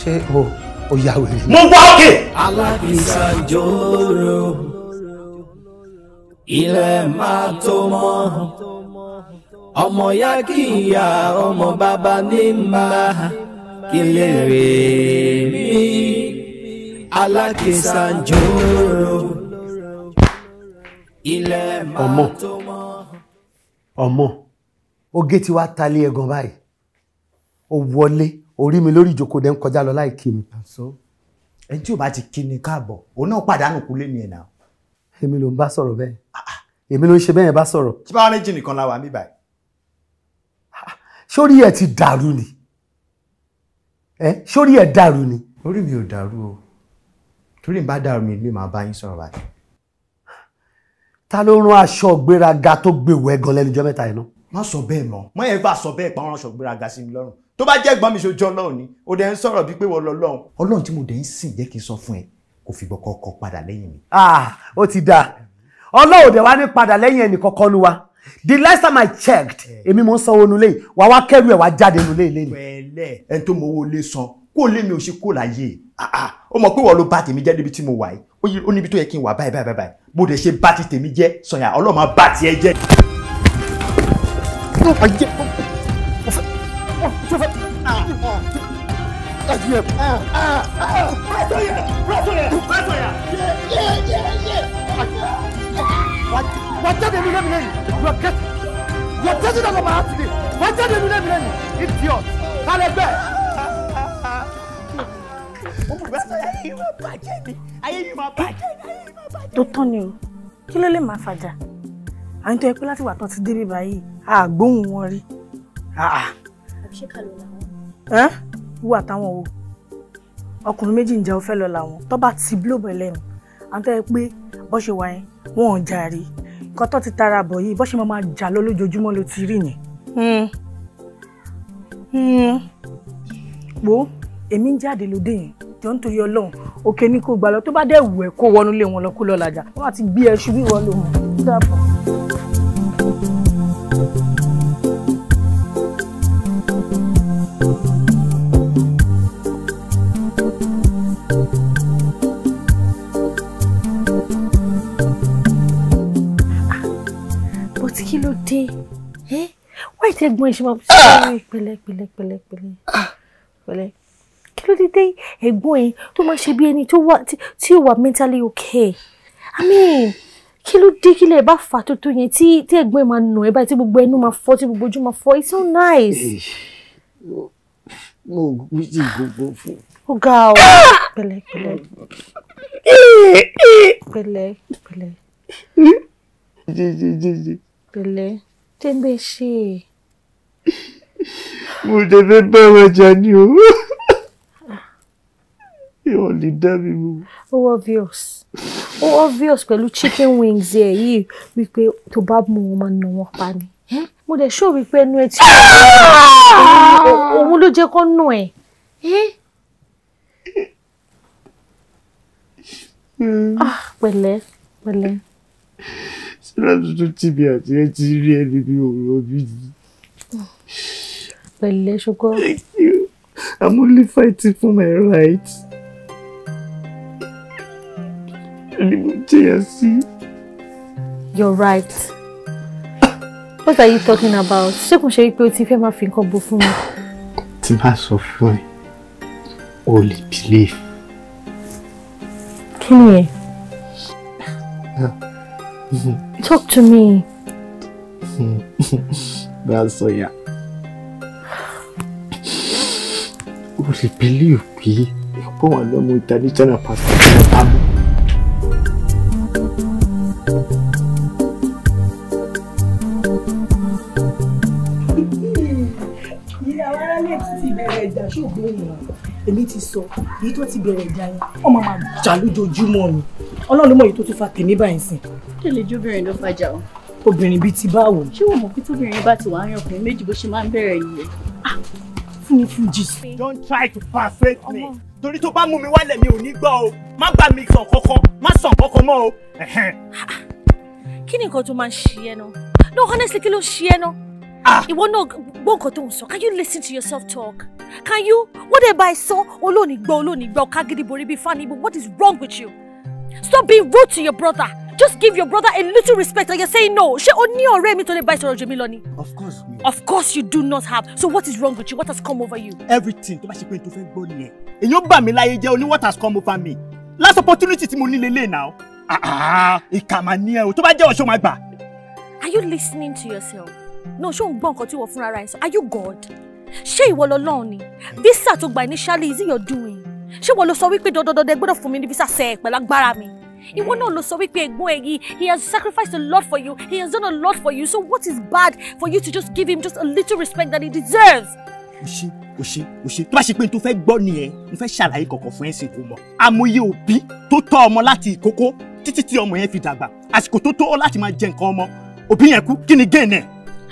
ṣé o ò yà wèrè. mo wá òkè. alábìsà jòrò ilẹ̀ máa tó mọ́ ọmọ ya kí ìyá ọmọ bàbá ní máa kí lè rè mí alákìsàn jòrò ilẹ̀ máa tó mọ́. ọmọ oge tí wàá talé ẹgan báyìí ó wọlé orí mi lórí ìjókòó dẹ́ kọjá lọ láì kí mi. ẹni tí ò bá ti kí ni káàbọ̀ òun náà pàdánù kúlé ni ẹ̀ náà èmi ló ń bá sọ̀rọ̀ bẹ́ẹ̀ èmi ló ń ṣe bẹ́ẹ̀ bá sọ̀rọ̀. tí bá méjì nìkan la wà mí báyìí. sórí ẹ ti dàrú ni ẹ sórí ẹ dàrú ni. orí mi ò dàrú o torí mi bá dàrú mi lè máa bá yín sọ̀rọ̀ báyìí. ta ló rán aṣọ gbéraga tó gbé wẹ́gan lẹ́nu ọjọ́ mẹ́ta yìí náà. má sọ bẹ́ẹ̀ mọ́ mọ́ ẹ bá sọ bẹ́ẹ̀ pa ọ̀ránṣọ gbéraga sí mi lọ́rùn tó bá jẹ́ ẹ̀gbọ́n mi ṣojú ọlọ́run ni ó kò fi gbọ̀kọ̀ kọ padà lẹ́yìn mi. Ah, ó ti dáa ọlọ́run dẹ̀ wá ní padà lẹ́yìn ẹnì kankan nu wa the last time I checked eh. èmi mo ń sanwó nulẹ̀ yìí wà wá kẹ́rù ẹ̀ wá jáde nulẹ̀ ilé ni. pẹ̀lẹ́ ẹni tó mọ owó lé san kó lé mi ò ṣe kó láyé ah, ah. ó mọ̀ pé wọ́n ló bá tèmi jẹ́ níbi tí mo wà yìí ó níbi tó yẹ kí n wà báyìí báyìí báyìí bó dẹ̀ ṣe bá ti tèmi jẹ́ sọ̀yà ọlọ́run á bá tiẹ̀ jẹ́. SDF. Ah, ah, ah. Right on here. Right on here. Right on here. Yeah, yeah, yeah, yeah. What? What are you name me? You are get. You are getting doing? What are heart doing? What did you name me? Idiot. Kalebe. tó tán ni o kí ló lè máa fàjà à ń tọ́ ẹ pé láti wà tán ti débi báyìí àgbóhùn wọn rí. Ah, ah. àbíṣe kàlò làwọn wo àtàwọn wo ọkùnrin méjì ń jẹ́ ọ fẹ́ lọ làwọn tó bá ti blóòbù ẹlẹ́nu àtọ́ ẹ pé bó ṣe wà yẹn wọn ò jà rí nǹkan tó ti tara bọ̀ yìí bó ṣe máa jà lọ lójoojúmọ́ ló ti rí yẹn. Hmm. Hmm. wo èmi ń jáde lóde yẹn jọ ń torí ọlọ́run òkè ní kò gbà lọ tó bá dẹ̀ wù ẹ́ kó wọnú lé wọn lọ kó lọ làjà wọn àti gbé ẹṣu wíwọ lòun thank you ló dé wáyé tí ẹ̀gbọ́n ìṣe máa ń sọ pẹ̀lẹ́ pẹ̀lẹ́ pẹ̀lẹ́ pẹ̀lẹ́ ah! pẹ̀lẹ́ kí ló dé dé ẹ̀gbọ́n ẹ tó máa ṣe bí ẹni tí ó wà mentally okay i mean kí ló dé kí lè bá fà tó tó yẹn tí tí ẹ̀gbọ́n ẹ máa nà ẹ báyìí tí gbogbo ẹnu máa fọ́ tí gbogbo ojú máa fọ́ it's so nice. Eh, mo gbé ti gbogbo fún. ó ga ọ pẹ̀lẹ́ pẹ̀lẹ́ eh, eh. pẹ̀lẹ́ pẹ̀lẹ́ pẹ̀lẹ́ tẹgbẹ ṣe. mo jẹ fẹ bá jà ni o ah. yóò lè dá mi mú. ó obvious ó obvious pẹ̀lú chicken wings ẹ̀ yìí wípé tó bá mú wọn máa nà wọ́n pa ni mo dẹ̀ ṣó wípé ẹnu ẹ tí ah! òun ló jẹ́ kó nù ẹ̀. Hmm. Ah, pẹ̀lẹ́ pẹ̀lẹ́ lọ́dún tí mi àti ẹ ti rí ẹni mi thank you i'm only fighting for my rights. ni mo jẹyà sí. you're right. what are you talking about? ṣé kò ṣe pé o ti fẹ́ máa fi nǹkan bo fún mi? tí máa sọ fún ẹ o lè believe. kí ni ẹ. Ah, hmm. Talk to me. That's so yeah. Would you believe me? You Come on, I'm with an eternal pastor. èmi ti sọ èyí tó ti bẹ̀rẹ̀ ìjà yẹn wọ́n máa máa jà lójoojúmọ́ ni ọlọ́run mọ̀ èyí tó tún fa tèmi báyìí sìn. kí lè jóbìnrin ló fàjà o. obìnrin bíi ti báwo. ṣé wọn mọ̀ pé tóbìnrin bá ti wà á ọkùnrin méjì bó ṣe máa ń bẹ̀rẹ̀ nìyẹn. Ah! fún mi fún jésù. don't try to persuade me torí tó bá mú mi wálẹ̀ mi ò ní gbọ́ o má bá mi sàn kankan má sàn kankan mọ́ o. kí ni nǹkan tó máa ń ṣe ẹ náà no honestly kí ló ṣe ẹ náà. Ah. Ìwọ náà gbọ́ nǹkan tó ń sọ. Can you listen to yourself talk? Can you? Whatever I saw, olóòní gbọ́ olóòní gbọ́ ká gidi borí bíi fani, but what is wrong with you? Stop being rude to your brother. Just give your brother a little respect and you're saying no. She only ní me to the lè of ìṣòro jẹ Of course. Mi. Of course you do not have. So what is wrong with you? What has come over you? Everything Toba bá ṣe pé tó fẹ́ In your Èèyàn bà mí láyé jẹ́ what has come over me. Last opportunity to mo ní lélẹ̀ náà. Ah, ah mà ní ẹ o, tó bá jẹ́ ọ̀ṣọ́ máa Are you listening to yourself? No, show. o ń ti nǹkan tí rise. Are you God? Ṣé ìwọ lọ́lọ́run ni? Visa tó initially is it your doing? ṣé wọn ló sọ wípé dandandandan ẹ gbọ́dọ̀ fún mi ní visa sẹ pẹ̀lú agbára mi ìwọ náà ló sọ wípé ẹ̀gbọ́n ẹ yìí he has sacrificed a lot for you he has done a lot for you so what is bad for you to just give him just a little respect that he deserves. o ṣe o ṣe o ṣe tó bá ṣe pé n tó fẹ́ gbọ́ nìyẹn mo fẹ́ ṣàlàyé kọ̀ọ̀kan fún ẹ̀ sìn kò mọ̀ amòye òbí tó tọ́ ọmọ láti ìkókó títí tí ọmọ yẹn fi dàgbà àsìkò tó tó ọ láti máa jẹ nǹkan ọmọ òbí yẹn kú kí ni géènì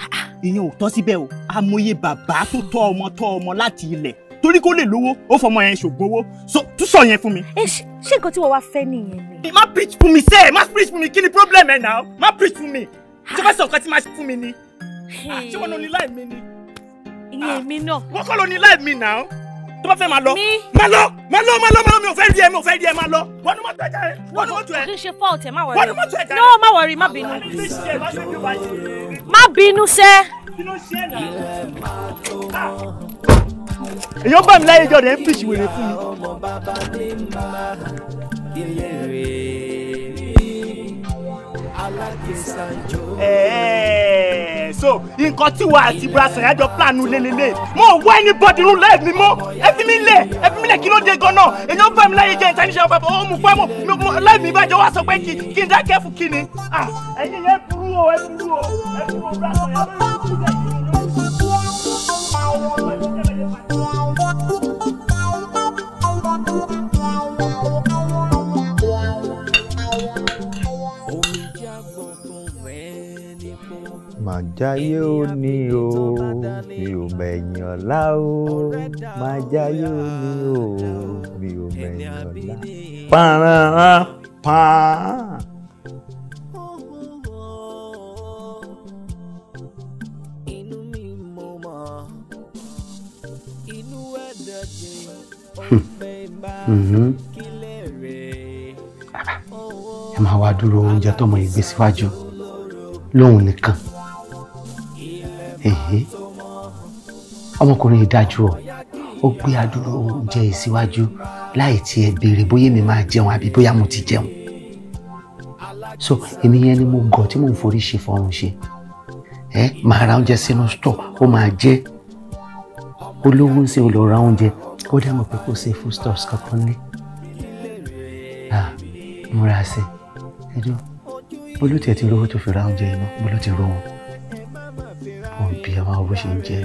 ah, ah. ìyẹn ò tọ́ síbẹ̀ o amòye bàbá tó tọ́ ọmọ tọ́ ọmọ láti ilẹ̀ torí kó lè lówó ó fọmọ yẹn ṣògùn owó so tún sọ yẹn fún mi. ẹ ṣé nǹkan tí wọ́n wá fẹ́ nìyẹn ni. má preach fún mi sẹ́ẹ̀ má preach fún mi kí ni problem ẹ̀ náà má preach fún mi ṣé fẹ́ sọ nǹkan tí máa ṣe fún mi ni ah, ṣé wọn ló láì mi ni. ìyẹn ah, mi náà. wọ́n kọ́ ló láì mi náà tó bá fẹ́ máa lọ. mi máa lọ máa lọ máa lọ máa lọ mi ò fẹ́ rí ẹ mi ò fẹ́ rí ẹ máa lọ. wọ́n mọ́tò ẹja rẹ mọ́tò ẹ. kò kí ṣe fault má wọrí èyàn bá mi láyé ìjọ rẹ̀ ń pìṣì wèrè fún mi. so nǹkan tí wà àti brasil àjọ plan lélele mo wá anybody rú láì mi mọ́ ẹ fi mi lẹ̀ ẹ fi mi lẹ̀ kí ló dé gan-an èyàn bá mi láyé jẹ́ international bàbá ó mú pẹ́mọ́ láì mi ìbàjẹ́ wá sọ pé kí n dákẹ́ fún kí ni ah, ẹ̀yin yẹn burú o ẹ burú o ẹ burú o brasil ẹ burú o. má jayé òní o mi ò mẹ̀yìn ọ̀la o má jayé òní o mi ò mẹ̀yìn ọ̀la. pàrànà pàrànà. Hmm. Mm-hmm. ẹ máa wá dúró oúnjẹ tọmọ ìgbésíwájú lóhun nìkan. Mhm. ọmọkùnrin ìdájú ọ ó gbé adúrú oúnjẹ ìsíwájú láì tiẹ̀ béèrè bóyá èmi máa jẹun àbí bóyá mo ti jẹun so èmi yẹn ni mo gọ̀ tí mò ń forí ṣe fọrùn ṣe ẹ máa ra oúnjẹ sínú store ó máa jẹ olówó ń ṣe ó lọ ra oúnjẹ ó dẹ̀ mọ̀ pé kò sí foodstuffs kankan ní múra sí ẹjọ́ bólú tiẹ̀ ti rówó tó fi ra oúnjẹ iná bólú ti rówó bí a máa bó ṣe ń jẹ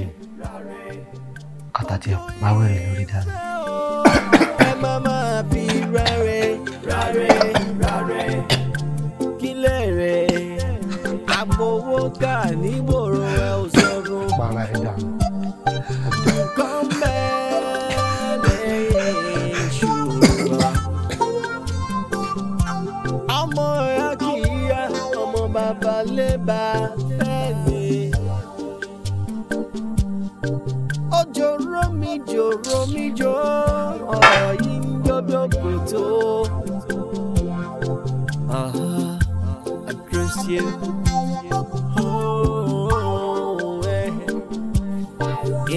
kàtà tí ẹ pàwẹ́rẹ́ lórí dáná. ẹ má máa bí rárẹ̀ rárẹ̀ rárẹ̀ kílẹ̀ rẹ̀ àpò owó kà níbò tiẹ̀.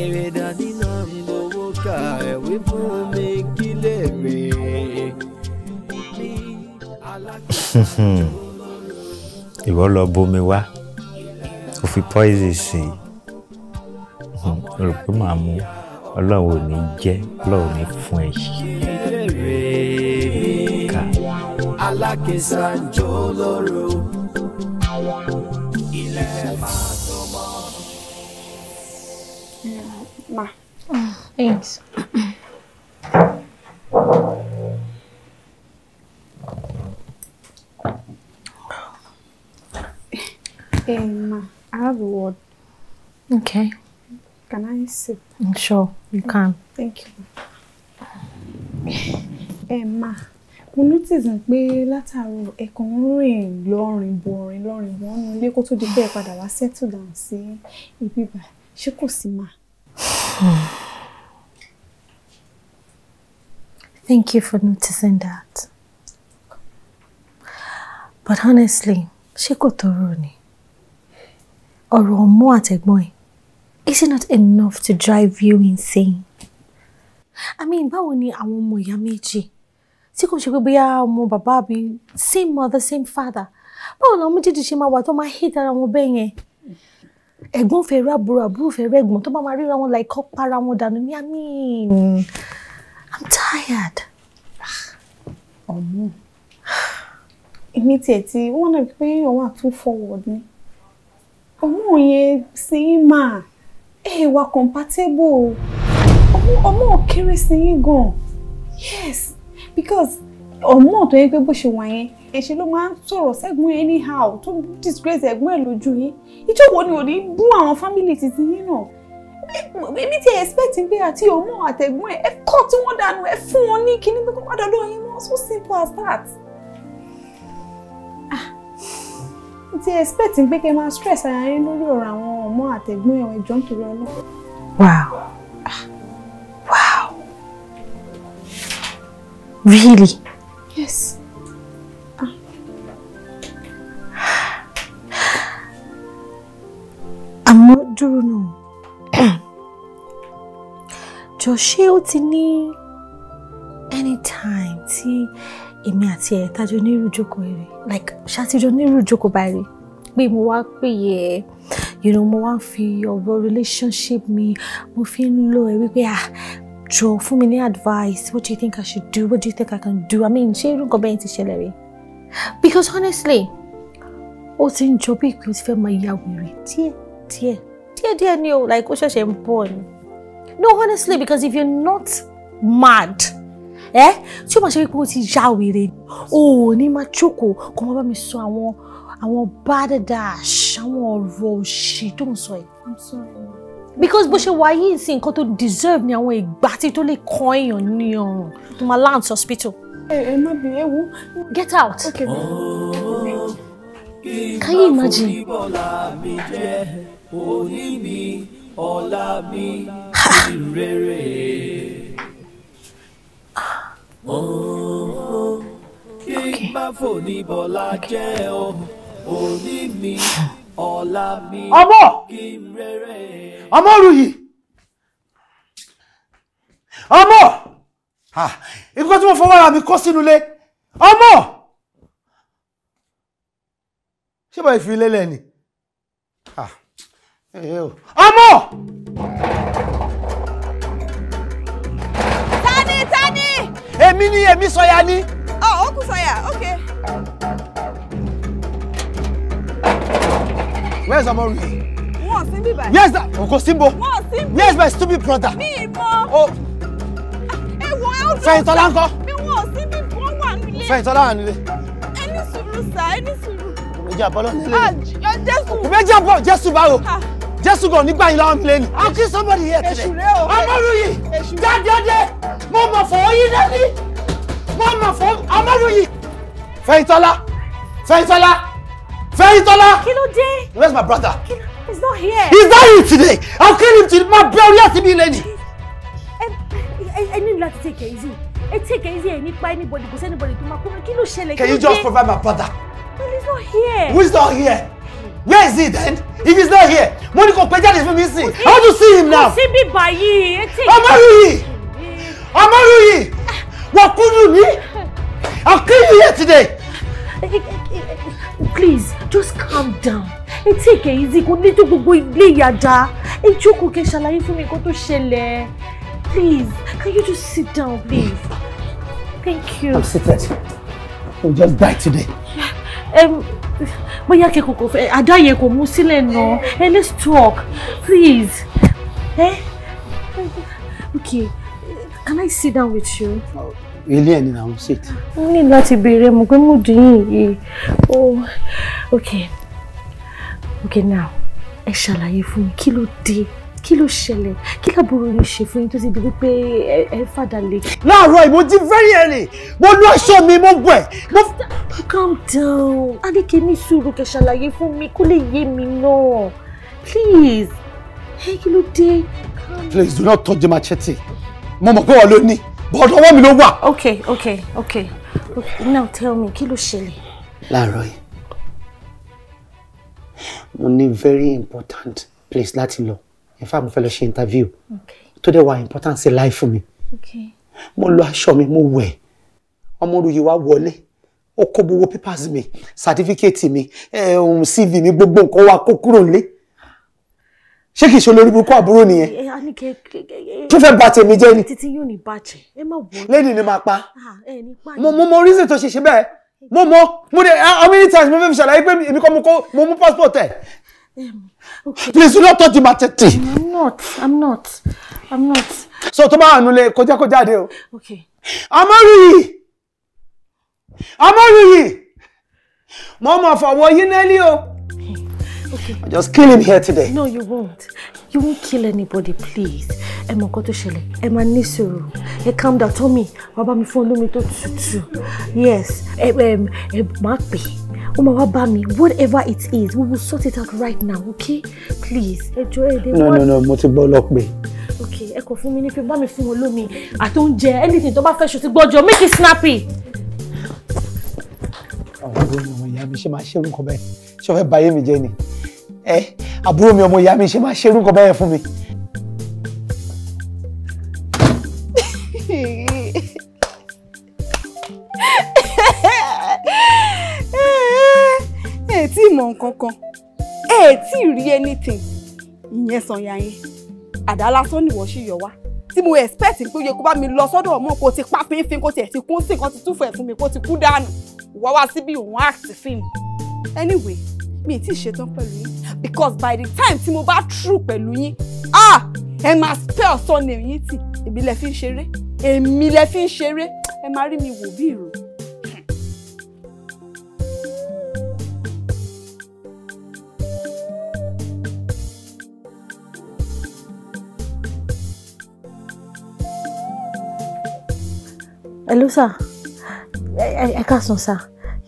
Èrè dání náà ń gbowó ká ẹ̀wí fún mi kí lè rè é. Ìwọ lọ bomi wá, o fi poison sí i, hmm, rò pé màá mú ọlọ́run ní jẹ́ ọlọ́run ní fún ẹ ṣe. Thanks. Hey, I have a word. Okay. Can I sit? Sure, you can. Thank you. Emma, Ma, mo notice pé látàárọ̀ ẹ̀kan rìn lọ́rin bọ̀rin lọ́rin wọnú ilé kó tó di pé ẹ padà wá settle down sí ibi báyìí. Ṣé kò sí ma? Hmm. Thank you for noticing that. But honestly, ṣé kò tóró ni? Ọ̀rọ̀ ọmọ àtẹ̀gbọ́n ẹ̀, is it not enough to drive you insane? I mean, báwo ni àwọn ọmọ ìyá méjì tí kò ṣe pé bóyá ọmọ bàbá àbí same mother same father báwo làwọn méjèèjì ṣe máa wà tó máa hate ara wọn bẹ́ẹ̀ yẹn? Ẹ̀gbọ́n fẹ́ rẹ́ àbúrò àbúrò fẹ́ rẹ́ ẹ̀gbọ́n tó bá máa ríra wọn like kọ́ para wọn dànù ní àmì. I'm tired. Ọmọ. Èmi tiẹ̀ ti wọ́n náà pé òun àtún forward ni. Ọmọ see, sí Eh, we are compatible. Oh, oh, kéré sí yín gan. Yes, because oh, tó to pé people ṣe wà yẹn èṣe ló máa ń sọ̀rọ̀ sẹ́gun yẹn anyhow To disgrace ẹ̀gbọ́n ẹ̀ lójú yín ìjọwọ́ ni ò ní bú àwọn fámìlì títí you know èmi ti expect pé àti òmò àtẹ̀gbọ́n ẹ̀ ẹ kọ́ tí wọ́n dànù ẹ fún wọn ní kíní pé kó má dọ́dọ̀ yín mọ́ so simple as that. Ah, mo ti expect pé kẹ́ máa stress ara yín lórí ọ̀rọ̀ àwọn ọmọ àtẹ̀gbọ́n ẹ̀wọ̀n ìjọ nítorí ọlọ́run. wow ah, wow really. yes. Ah. àmọ́ dúró náà jọ ṣé ó ti ní anytime tí èmi àti ẹ̀ tájọ nírú jókòó rẹ̀ like ṣàtijọ́ nírú jókòó báyìí pé mo wá péye ẹ̀ you know mo wá ń fi ọ̀rọ̀ relationship mi mo fi ń lo ẹ̀ wípé ah jọ fún mi ní advice what do you think I should do what do you think I can do I mean ṣé irú nǹkan bẹ́ẹ̀ ti ṣẹlẹ̀ rí because honestly ó ti ń jọ bí ìpín ti fẹ́ máa ya wèrè díẹ̀ díẹ̀ díẹ̀ díẹ̀ ni o like ó ṣẹ̀ṣẹ̀ ń bọ̀ ni no honestly because if you're not mad eh? tí o máa ṣe wípé o ti ya wèrè o ò ní máa jókòó kó máa bá mi sọ àwọn àwọn badass àwọn ọ̀rọ̀ òṣì tó ń sọ yìí. I'm sorry because bó ṣe wà yìí sí nǹkan tó deserve ni àwọn ìgbà tí tó lè kọ́ èèyàn ní ọrùn tó máa land hospital. ẹ ẹ má bẹ ẹ get out. Okay. can you imagine ọlá mi ìrere. kí má fò ní bọ́lá jẹ́ o òní mi ọlá mi ìrere. ọmọ ruyi ọmọ nǹkan tí mo fọwọ́ ara mi kó sínú ilé ọmọ ṣé báyìí fi lélẹ̀ ni. Ah ọmọ. tani tani. èmi ni èmi sọya ni. ọ Oku kù okay. Where's where Where's ọmọ rẹ. wọn ò yes na kò sí bo. wọn ò my stupid brother. Me, mọ. Oh. ẹ wọ ẹ ó dùn. Fẹ́yìntọ́lá ńkọ́. mi wọn ò sí bí wọn wà nílé. Fẹ́yìntọ́lá wà nílé. ẹni sùúrù sá ẹni sùúrù. ìjà ah jésù. kò fẹ́ jà bọ́ jésù báwo. Ah jésù gan nígbà yín láwọn mi lé ní. I'll kill somebody here today. amọ́rùyì jáde-jáde mo mọ̀ fọ́ yín lẹ́ni mo mọ̀ fọ́ amọ́rùyì. fẹ́yìntọ́lá fẹ́yìntọ́lá fẹ́yìntọ́lá. kí ló dé. where's my brother. he's not here. he's not here today. I'll kill him today. máa bẹ́ orí àti mi lẹ́ni. ẹ ní láti take it easy ẹ take it easy ẹ nípa anybody kò sí anybody tó máa kú kí ló ṣẹlẹ̀ kí ló dé. can you just provide my brother. no he's not here. who's not here where is he then if he's not here mo ní kò pé jáde fún mi sìn i want to see him now. kò sí bíbá yìí etí. ọmọlúyì What could you mi i'll kill you here today. please just calm down etí èké yìí ti kò ní tó gbogbo ilé ìyàdá ìjókòó kẹ ṣàlàyé fún mi kó tó ṣẹlẹ̀ please can you just sit down please thank you. i'm seated we we'll just die today. Yeah. Um, bóyá kẹ́kọ̀ọ́ kò fẹ́ àdá yẹn kò mú sílẹ̀ náà ẹ eh, let's talk please. Eh? Okay, can I sit down with you? Uh, ilé ẹ̀ ni na mo sit. Mo ní láti béèrè mo pé mo dín yìí. Oh, okay. Okay now, ẹ shall fún mi kí ló kí ló ṣẹlẹ̀ kí lábúrò yìí ṣe fún yín tó ti di wípé ẹ fàdà lè. láàárọ̀ ìbò jí very early mo lọ aṣọ mi mo gbẹ. calm down adike ní sùúrù kẹ́ ṣàlàyé fún mi kó lè yé mi náà please ẹ kí ló dé. please do not touch the machete mo mọ̀ pé wọ́n ló ní but ọwọ́ mi ló wà. okay okay okay now tell me kí ló ṣẹlẹ̀. láàárọ̀ yìí mo ní very important place láti lọ in fact mo fẹ́ lọ ṣe interview tó dẹ̀ wà important sí life fún mi mo lọ aṣọ mi mo wẹ̀ ọmọ olùyè wa wọlé ó kó gbogbo papers mi certificate mi eh, cv mi gbogbo nǹkan wa kó kúrò nílé ṣé kìí ṣe olórí burúkú àbúrò nìyẹn eh, tó fẹ́ bà tèmi jẹ́ ni títí yóò ní bàjẹ́ ẹ má wọ lẹ́yìn ni màá pa ah, mo mo reason to ṣe ṣe bẹ́ẹ̀ mo mo de how many times mo fẹ́ fi ṣàlàyé pé èmi kọ́ mo mo mú passport ẹ̀ Um, okay. Please do not touch the at I'm not. I'm not. I'm not. So tomorrow anule kó jẹ́ kó jáde o. Okay. Amori. Amori. Mama, mo fọwọ́ yín neli o. Okay. Okay. I'll just kill him here today. No, you won't. You won't kill anybody, please. Ẹ mọ nǹkan tó ṣẹlẹ̀. Ẹ máa calm down, Tommy. Wá bá mi fún olómi tó tutù. Yes. Ẹ ẹ máa pè. Whatever it is, we will sort it out right now, okay? Please. Ẹ jọ̀ọ́ No, no, no. Mo ti gbọ́ lọ pé. Okay. Ẹ kò fún mi ní fi bá mi fún olómi àti anything tó bá fẹ́ ṣe ti Make it snappy àbúrò mi ọmọ ìyá mi ṣe máa ṣerú nǹkan bẹ́ẹ̀ ṣé fẹ́ bà ayé mi jẹ́ ni ẹ àbúrò mi ọmọ ìyá mi ṣe máa ṣerú nǹkan bẹ́ẹ̀ fún mi. ẹ tí ì mọ̀ nǹkan kan ẹ tí ì rí anything ìyẹn sàn yà yẹn àdá lásán nìwọ sí yọ wá tí mo expect pé yẹ kó bá mi lọ sọ́dọ̀ mú kó ti pa fínfín kó tiẹ̀ ti kún sí nǹkan ti fún mi kó ti kú dànù wá wá síbi òun act fíìm anyway mi ì tí ì ṣetán pẹ̀lú yín because by the time tí mo bá true pẹ̀lú yín ah ẹ máa spell sọ nìyí tì èmi lẹ fi ń ṣeré èmi lẹ fi ń ṣeré ẹ máa rí mi wò bí ìròyìn. hello sir I I ẹ káàsán sir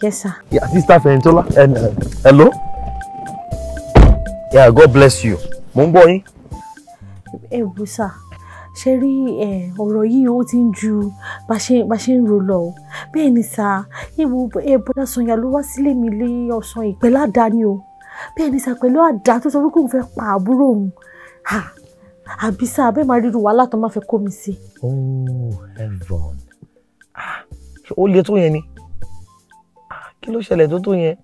yes sir. yeah sister Fẹ̀yìntọ́lá and uh, eh, eh, hello yeah god bless you mo ń bọ̀ yín. Sherry, wò sir ṣe rí ọ̀rọ̀ yìí ó ti ń ju bá ṣe ń ro lọ o bẹ́ẹ̀ ni sà ìwò ẹ̀bùn Sànyà ló wá sílé mi lé ọ̀sán ìpẹ́ládà ni o bẹ́ẹ̀ ni sà pẹ̀lú àdá tó sọ wípé òun fẹ́ pa àbúrò òun àbí sà bẹ́ẹ̀ máa ríru wàhálà tó máa fẹ́ kó mi sí. oh heaven ó le tó yẹn ni kí ló ṣẹlẹ̀ tó tó yẹn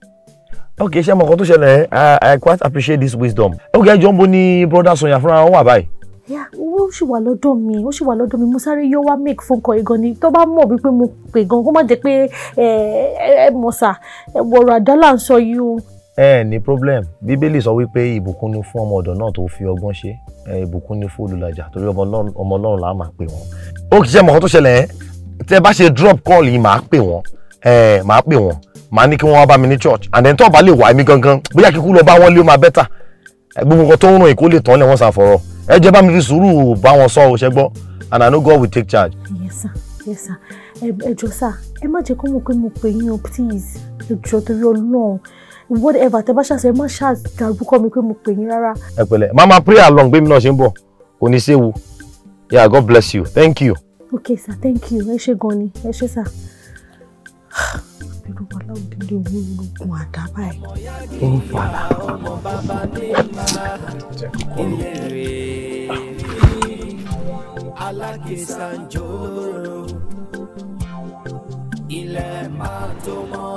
ok ṣé ọmọ kan tó ṣẹlẹ̀ i quite appreciate this wisdom ok ẹ jọ ń bo ni brother Sonia fúnra wọn wà báyìí. yà owó ṣì wà lọ́dọ̀ mi ó ṣì wà lọ́dọ̀ mi mo sáré yọ wá make phone call gan ni tó bá mọ̀ wípé mo pè gan kó má jẹ́ pé ẹ mọ̀ sà wọ̀rọ̀ àdálà ń sọ yìí o. ẹ ní problem bíbélì sọ wípé ìbùkún ni fún ọmọ ọ̀dọ̀ náà tó fi ọgbọ́n ṣe ìbùkún ni fún olùlàjà torí ọmọ Ọlọ́run là á máa pè wọ́n. ó kì í ṣe ọmọ kan tó ṣẹlẹ̀ tẹ bá ṣe drop call yìí màá pè wọ́n màá pè wọ́n màá ní kí wọ́n wá bá mi ní church and then tó bá lè wá èmi gangan bóyá kíkú lọ bá wọn lé ó máa gbogbo nǹkan tó ń ràn èkó lè tán lẹ̀ wọ́n ṣàfọ̀rọ̀ ẹ jẹ́ bá mi fi sùúrù bá wọn sọ ọ̀ṣẹ́ gbọ́ and I know God will take charge. yes sir yes sir ẹ jọ̀ọ́ sir ẹ má jẹ́ kó mọ̀ pé mo pè yín o please ẹ jọ̀ọ́ torí Ọlọ́run whatever tẹ bá ṣàṣẹ ẹ má ṣàdàrúkọ mi pé mo pè yín rárá. ẹ pẹ̀lẹ́ mama pray along gbé mi náà ṣe ń bọ̀ kò ní í yeah God bless you thank you. Okay, sir thank you ẹ ṣe gan ni ẹ ṣe sir. irú wa láwọn délé ilẹ̀ máa tó mọ́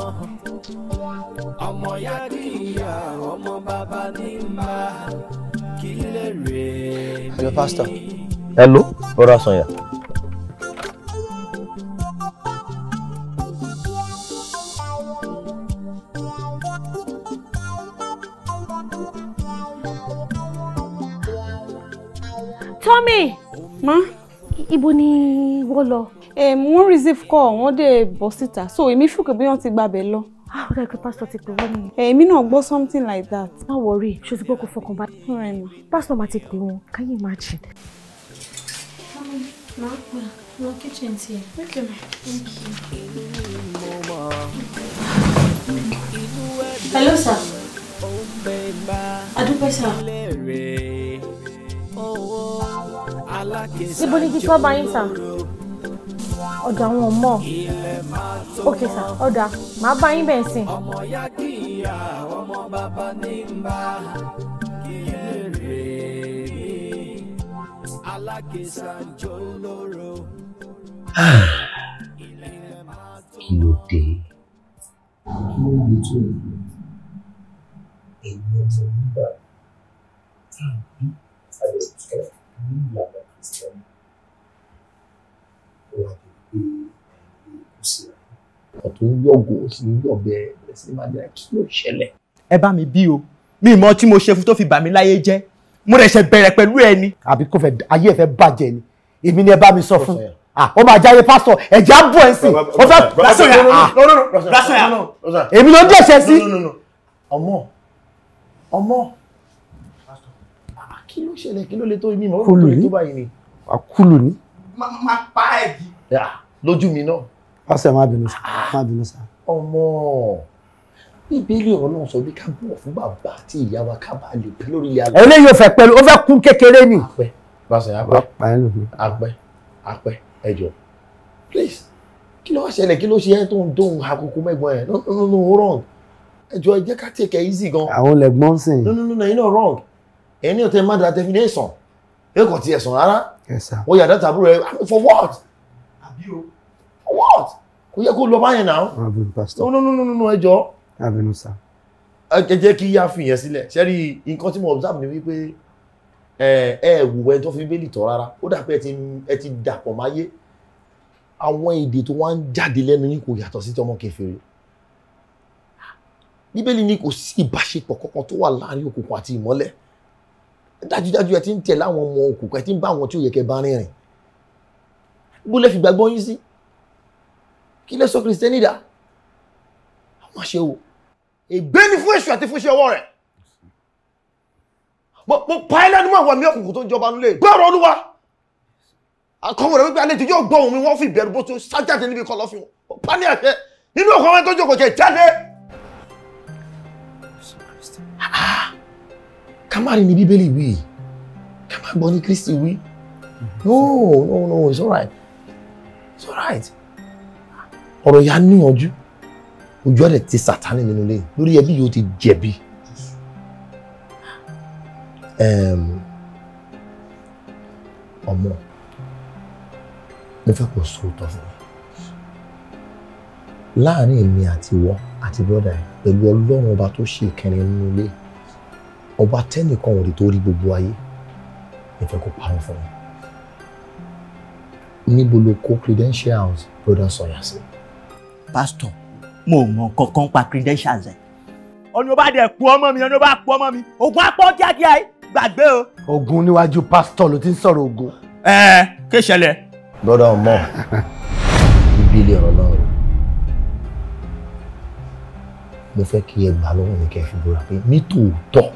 ọmọ yá kí ìyá ọmọ bàbá ní máa kí lè rè é. hello pastor. hello brother Sonia. ibo ni wọ́n lọ. ẹ receive call wọ́n dé bọ́ síta so èmi fún kébé wọn ti gbàbẹ̀ lọ. ah ọ̀dà ìpè pásítọ̀ ti pè wọ́n nìyẹn. Eh, èmi náà gbọ́ something like that. má wọrí ṣòṣùgbọ́ kò fọkàn bá. pásítọ̀ máa ti pè wọn can you imagine. máa pè wọn kitchen tiẹ̀. ok you. hello sir. adúpẹ́ sir ibo ni kí tí wọ́n bá yín sàn ọ̀dọ̀ àwọn ọmọ òkè sà ọ̀dà màá bá yín bẹ̀ sìn. ọmọ ya kì ọmọ bàbá ní bá kí lèrè mi alákèésà jọ lóró. kí ló dé kí ló dé tó ẹ̀yìn ọ̀tún. ní ìlànà kìrìsìtẹ́nì ó wá di pé ẹ̀yìn kú síra. ọ̀tún yọ̀gò sí yọ̀bẹ ẹ̀sìn máa jẹ́ kí ló ṣẹlẹ̀. ẹ bá mi bí o mi mọ tí mo ṣe fún tó fi bà mí láyé jẹ́ mo rẹ̀ ṣe bẹ̀rẹ̀ pẹ̀lú ẹni. àbí kò fẹ́ ayé ẹ̀ fẹ́ bàjẹ́ ni èmi ni ẹ bá mi sọ fún ó máa jáde pásítọ̀ ẹ̀jẹ̀ á bọ̀ ẹ̀ sí ó fẹ́. èmi ló ń dẹ̀ṣẹ̀ sí. ọmọ ọmọ kí ló ṣẹlẹ̀ kí ló lè tó mi mọ́ kúlù ní àkúlù ní. máa pa ẹ̀ jì. lójú mi náà. pásítọ̀ má bínú sá ah. má bínú sá. ọmọ bíbélì ọ̀rọ̀ náà sọ bí ká bọ̀ fún bàbá àti ìyá wa ká bá lè pẹ́ lórí ìyá rẹ̀. eléyìí ò fẹ́ pẹ́ ó fẹ́ kún kékeré ni. àpẹ pásítọ̀ àpẹ àpẹ àpẹ ẹjọ please kí ló wá ṣẹlẹ̀ kí ló ṣe ẹ́ tó ń dóhun àkókò mẹ́gbọ́n ẹ̀ no no no wrong ẹjọ ẹ jẹ́ ká take it easy gan. àwọn lẹ́gbọ́n sìn. no no no no you no wrong ẹni ọ̀tẹ̀ má da tẹ́fí ní ẹ̀sán ẹ̀kọ́ ti ẹ̀sán rárá wọ́n yàrá tàbúrò ẹ̀ for what? àbí for what? kò yẹ kó lọ báyẹn náà. àbínú pásítọ̀ no no no no ẹ jọ. àbínú sá. ẹ jẹ́ kí yá fi yẹn sílẹ̀ sẹ́rí nǹkan tí mo observe ni wípé ẹ ẹ wù ẹ tó fi bẹ́ẹ̀lì tọ́ rárá ó dà pé ẹ ti dàpọ̀ máyé àwọn èdè tó wá ń jáde lẹ́nu yín kò yàtọ̀ sí tọmọ kèfèrí bíbélì ni kò sí ìbáṣepọ̀ kankan tó wà láàrin òkùnkùn àti ìmọ́lẹ̀ dájúdájú ẹ ti ń tẹ̀ láwọn ọmọ òkùnkùn ẹ ti ń bá àwọn tí ò yẹ kẹ́ bá rìnrìn bó lẹ fi gbàgbọ́ yín sí kí lẹ sọ kìrìsìtẹ́nì dà àwọn àṣẹ wò ègbé ni fún èṣù àti fún iṣẹ́ ọwọ́ rẹ̀ mo pa ẹ́ lẹ́nu mọ́ àwọn àmì òkùnkùn tó ń jọba nílé gbọ́rọ̀ olúwa akọ̀wé rẹ̀ wípé àlejò yóò gbọ́ òun mi wọ́n fi ìbẹ̀rù bó tó sájáde níbi kan lọ́fìn wọn pa ní àṣẹ nínú ọkọ̀ wọn tó jókòó jẹ ká má rí ní bíbélì wí ká má gbọ́ no no no it's all right. it's alright ọ̀rọ̀ yà níyànjú ojú ọ̀dẹ̀ ti sàtánì nínú ilé lórí ẹbí yóò ti jẹ̀bi ehm, ọmọ mo fẹ́ kó sóòótọ́ fún mi láàárín èmi àti ìwọ àti bọ́dà ẹ̀ pẹ̀lú ọlọ́run ọba tó ṣe ìkẹrin nínú ọba tẹ́nìkan ò lè tó rí gbogbo ayé ìfẹ́ kó parọ́ fún mi níbo lo kó credentials brother Sawyer sí. pásítọ̀ mo mọ kankan pa credentials ẹ̀. ọ̀nà ó bá dẹ̀ pu ọmọ mi ọ̀nà ó bá pu ọmọ mi ogun apọ̀ kíákíá ẹ̀ gbàgbé o. ogun níwájú pásítọ̀ ló ti ń sọ̀rọ̀ ogun. ẹ ẹ ké ṣẹlẹ̀. brother ọmọ bíbélì ọ̀rọ̀ náà rẹ̀ mo fẹ́ kí ẹ gbà lọ́wọ́ mi kẹ́ ẹ fi búra pé nítòótọ́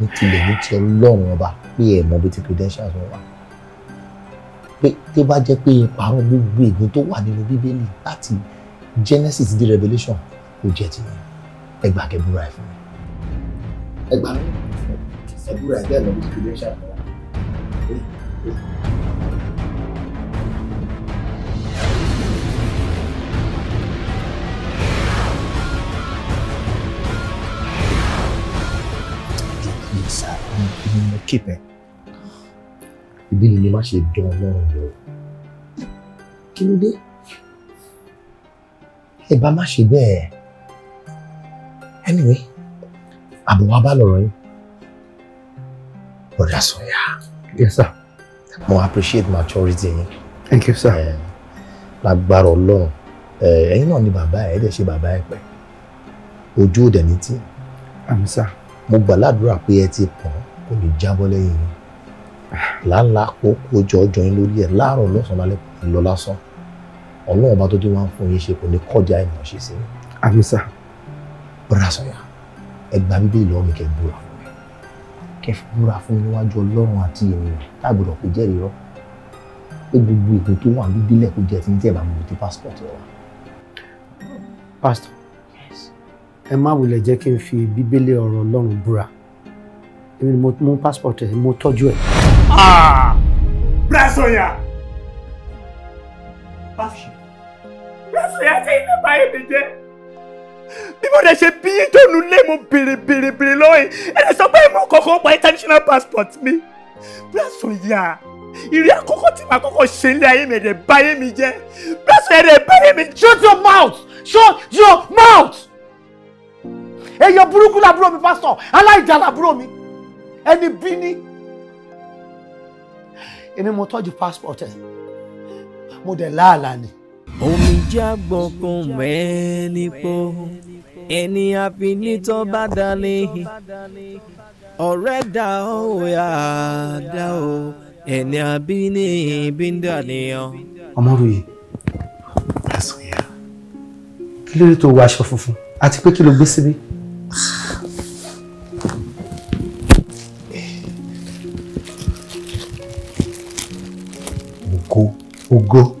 ní tilẹ̀ ní ti ọlọ́run ọba pé ẹ̀ mọ̀ bí ti credentials wọn wà pé tí ó bá jẹ́ pé ìparun gbogbo ègún tó wà nínú bíbélì láti Genesis di Revelation kò jẹ́ ti yẹn ẹgbà kẹbúra ẹ fún mi ẹgbà mi ẹbúra ẹgbẹ́ ẹ̀ mọ̀ bí ti credentials wọn wà. sá mm-hmm. ibi mo képe ibi ni má ṣe dán ọlọ́run lọ kí ló dé ẹ bá má ṣe bẹ́ẹ̀ anyway àbọ̀ wa bá lọ̀rọ̀ yín ọ̀dà sọ̀yà. yes sir. mo appreciate maturity yín. thank you sir. Eh, lágbára ọlọ́run eh, ẹ̀yin náà ni bàbá ẹ̀ ẹ̀ dẹ̀ ṣe bàbá ẹ̀ pẹ̀ ojú ò dẹ̀ ní tí. àmì sáà mo gbàládùra pé ẹ ti pọ̀ kó lè jábọ́ lẹ́yìn yìí làálà kó kó jọ ọjọ́ yín lórí ẹ̀ láàárọ̀ lọ́sàn-án lálẹ́ kò ní lọ lásán ọlọ́run bá tó dé wọn fún yín ṣe kò ní kọjá ìmọ̀ ṣe sí. àmì sá. bọ́dà sọ̀yà ẹ gba bíbélì lọ́wọ́ mi kẹ́ búra fún mi kẹ́ fi búra fún mi níwájú ọlọ́run àti ènìyàn táàgbọ̀dọ̀ kò jẹ́ irọ́ pé gbogbo ètò tó wà bíbélì kò jẹ́ ti ń tẹ̀ bá mi ti pásítọ̀ ẹ má wulẹ̀ jẹ́ kí n fi bíbélì ọ̀rọ̀ ọlọ́run búra èmi ni mo mú passport ẹ mo tọ́jú ẹ. Ah! Brasoya Brasoya ṣe iná báyìí mi jẹ́ bí mo dẹ̀ ṣe bí ìtọ́nu lé mo béèrè béèrè béèrè lọ́wọ́ yìí ẹ lè sọ pé mo kọ̀ọ̀kan pa international passport mi Brasoya ìrí àkọ́kọ́ tí màá kọ́kọ́ ṣe ilé ayé mi ẹ̀dẹ̀ báyé mi jẹ́ Brasoya ẹ̀dẹ̀ báyé mi. shut your mouth shut your mouth èèyàn burúkú làbúrò mi pásítọ̀ aláìjà làbúrò mi ẹni bí ní. èmi mo tọ́jú passport ẹ̀ mo dẹ̀ láàlà ni. omi já gbọ̀ngàn mẹ́ni po ẹni àfinítọ́ bá dalẹ̀ ọ̀rẹ́ dá o yà dá o ẹni àbíní bí ń dàníyàn. ọmọrùyìn lásán yá kí ló dé tó wọ aṣọ funfun àti pé kí ló gbé síbí ògo ògo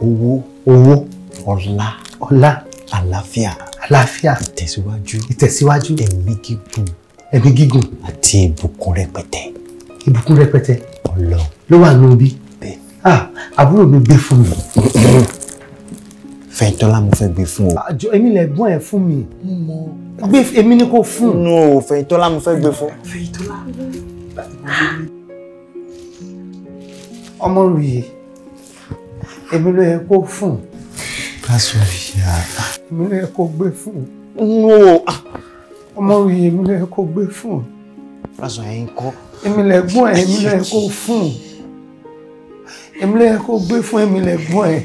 owó owó ọlá ọlá àlàáfíà àlàáfíà ìtẹ̀síwájú ìtẹ̀síwájú ẹ̀mí gígùn ẹ̀mí gígùn àti ìbùkún rẹpẹtẹ ìbùkún rẹpẹtẹ ọlọ ló wà lóbi Ah, àbúrò mi gbé fún mi. Fẹ́ntọ́lá mo fẹ́ gbé fún o. àjọ èmi lè gbọ́n ẹ̀ fún mi. mo gbé èmi ni kò fún. nù o Fẹ́ntọ́lá mo fẹ́ gbé fún. Fẹ́ntọ́lá. ọmọ rèé èmi ló yẹ kó fún. káṣọ ìyá. èmi ló yẹ kó gbé fún. nù o. ọmọ rèé èmi ló yẹ kó gbé fún. káṣọ ẹ̀yin kọ́. èmi lè gbọ́n ẹ̀ èmi ló yẹ kó fún. èmi ló yẹ kó gbé fún èmi lè gbọ́n ẹ̀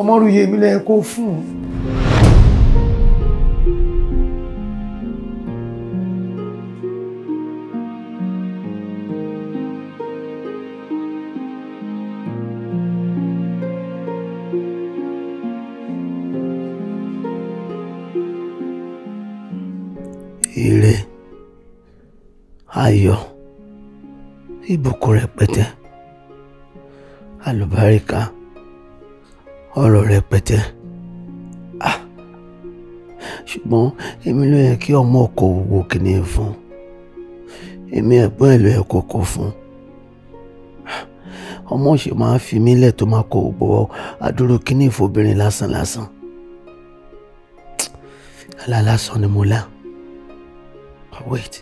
ọmọrúyè mi lẹ kó fún un. ire ayọ̀ ìbùkún rẹpẹtẹ alùbáríkà ọ̀rọ̀ rẹpẹtẹ ah, ṣùgbọ́n èmi ló yẹ kí ọmọ ọkọ̀ wo kìíní fún èmi ẹ̀gbọ́n ẹ̀ ló yẹ kọ́kọ́ fún ah, ọmọ ṣe máa fi mí lẹ̀ tó máa kọ ògbọ́ adúrú kìíní ìfobìnrin lásán lásán alálásán ni mo lá ah, wait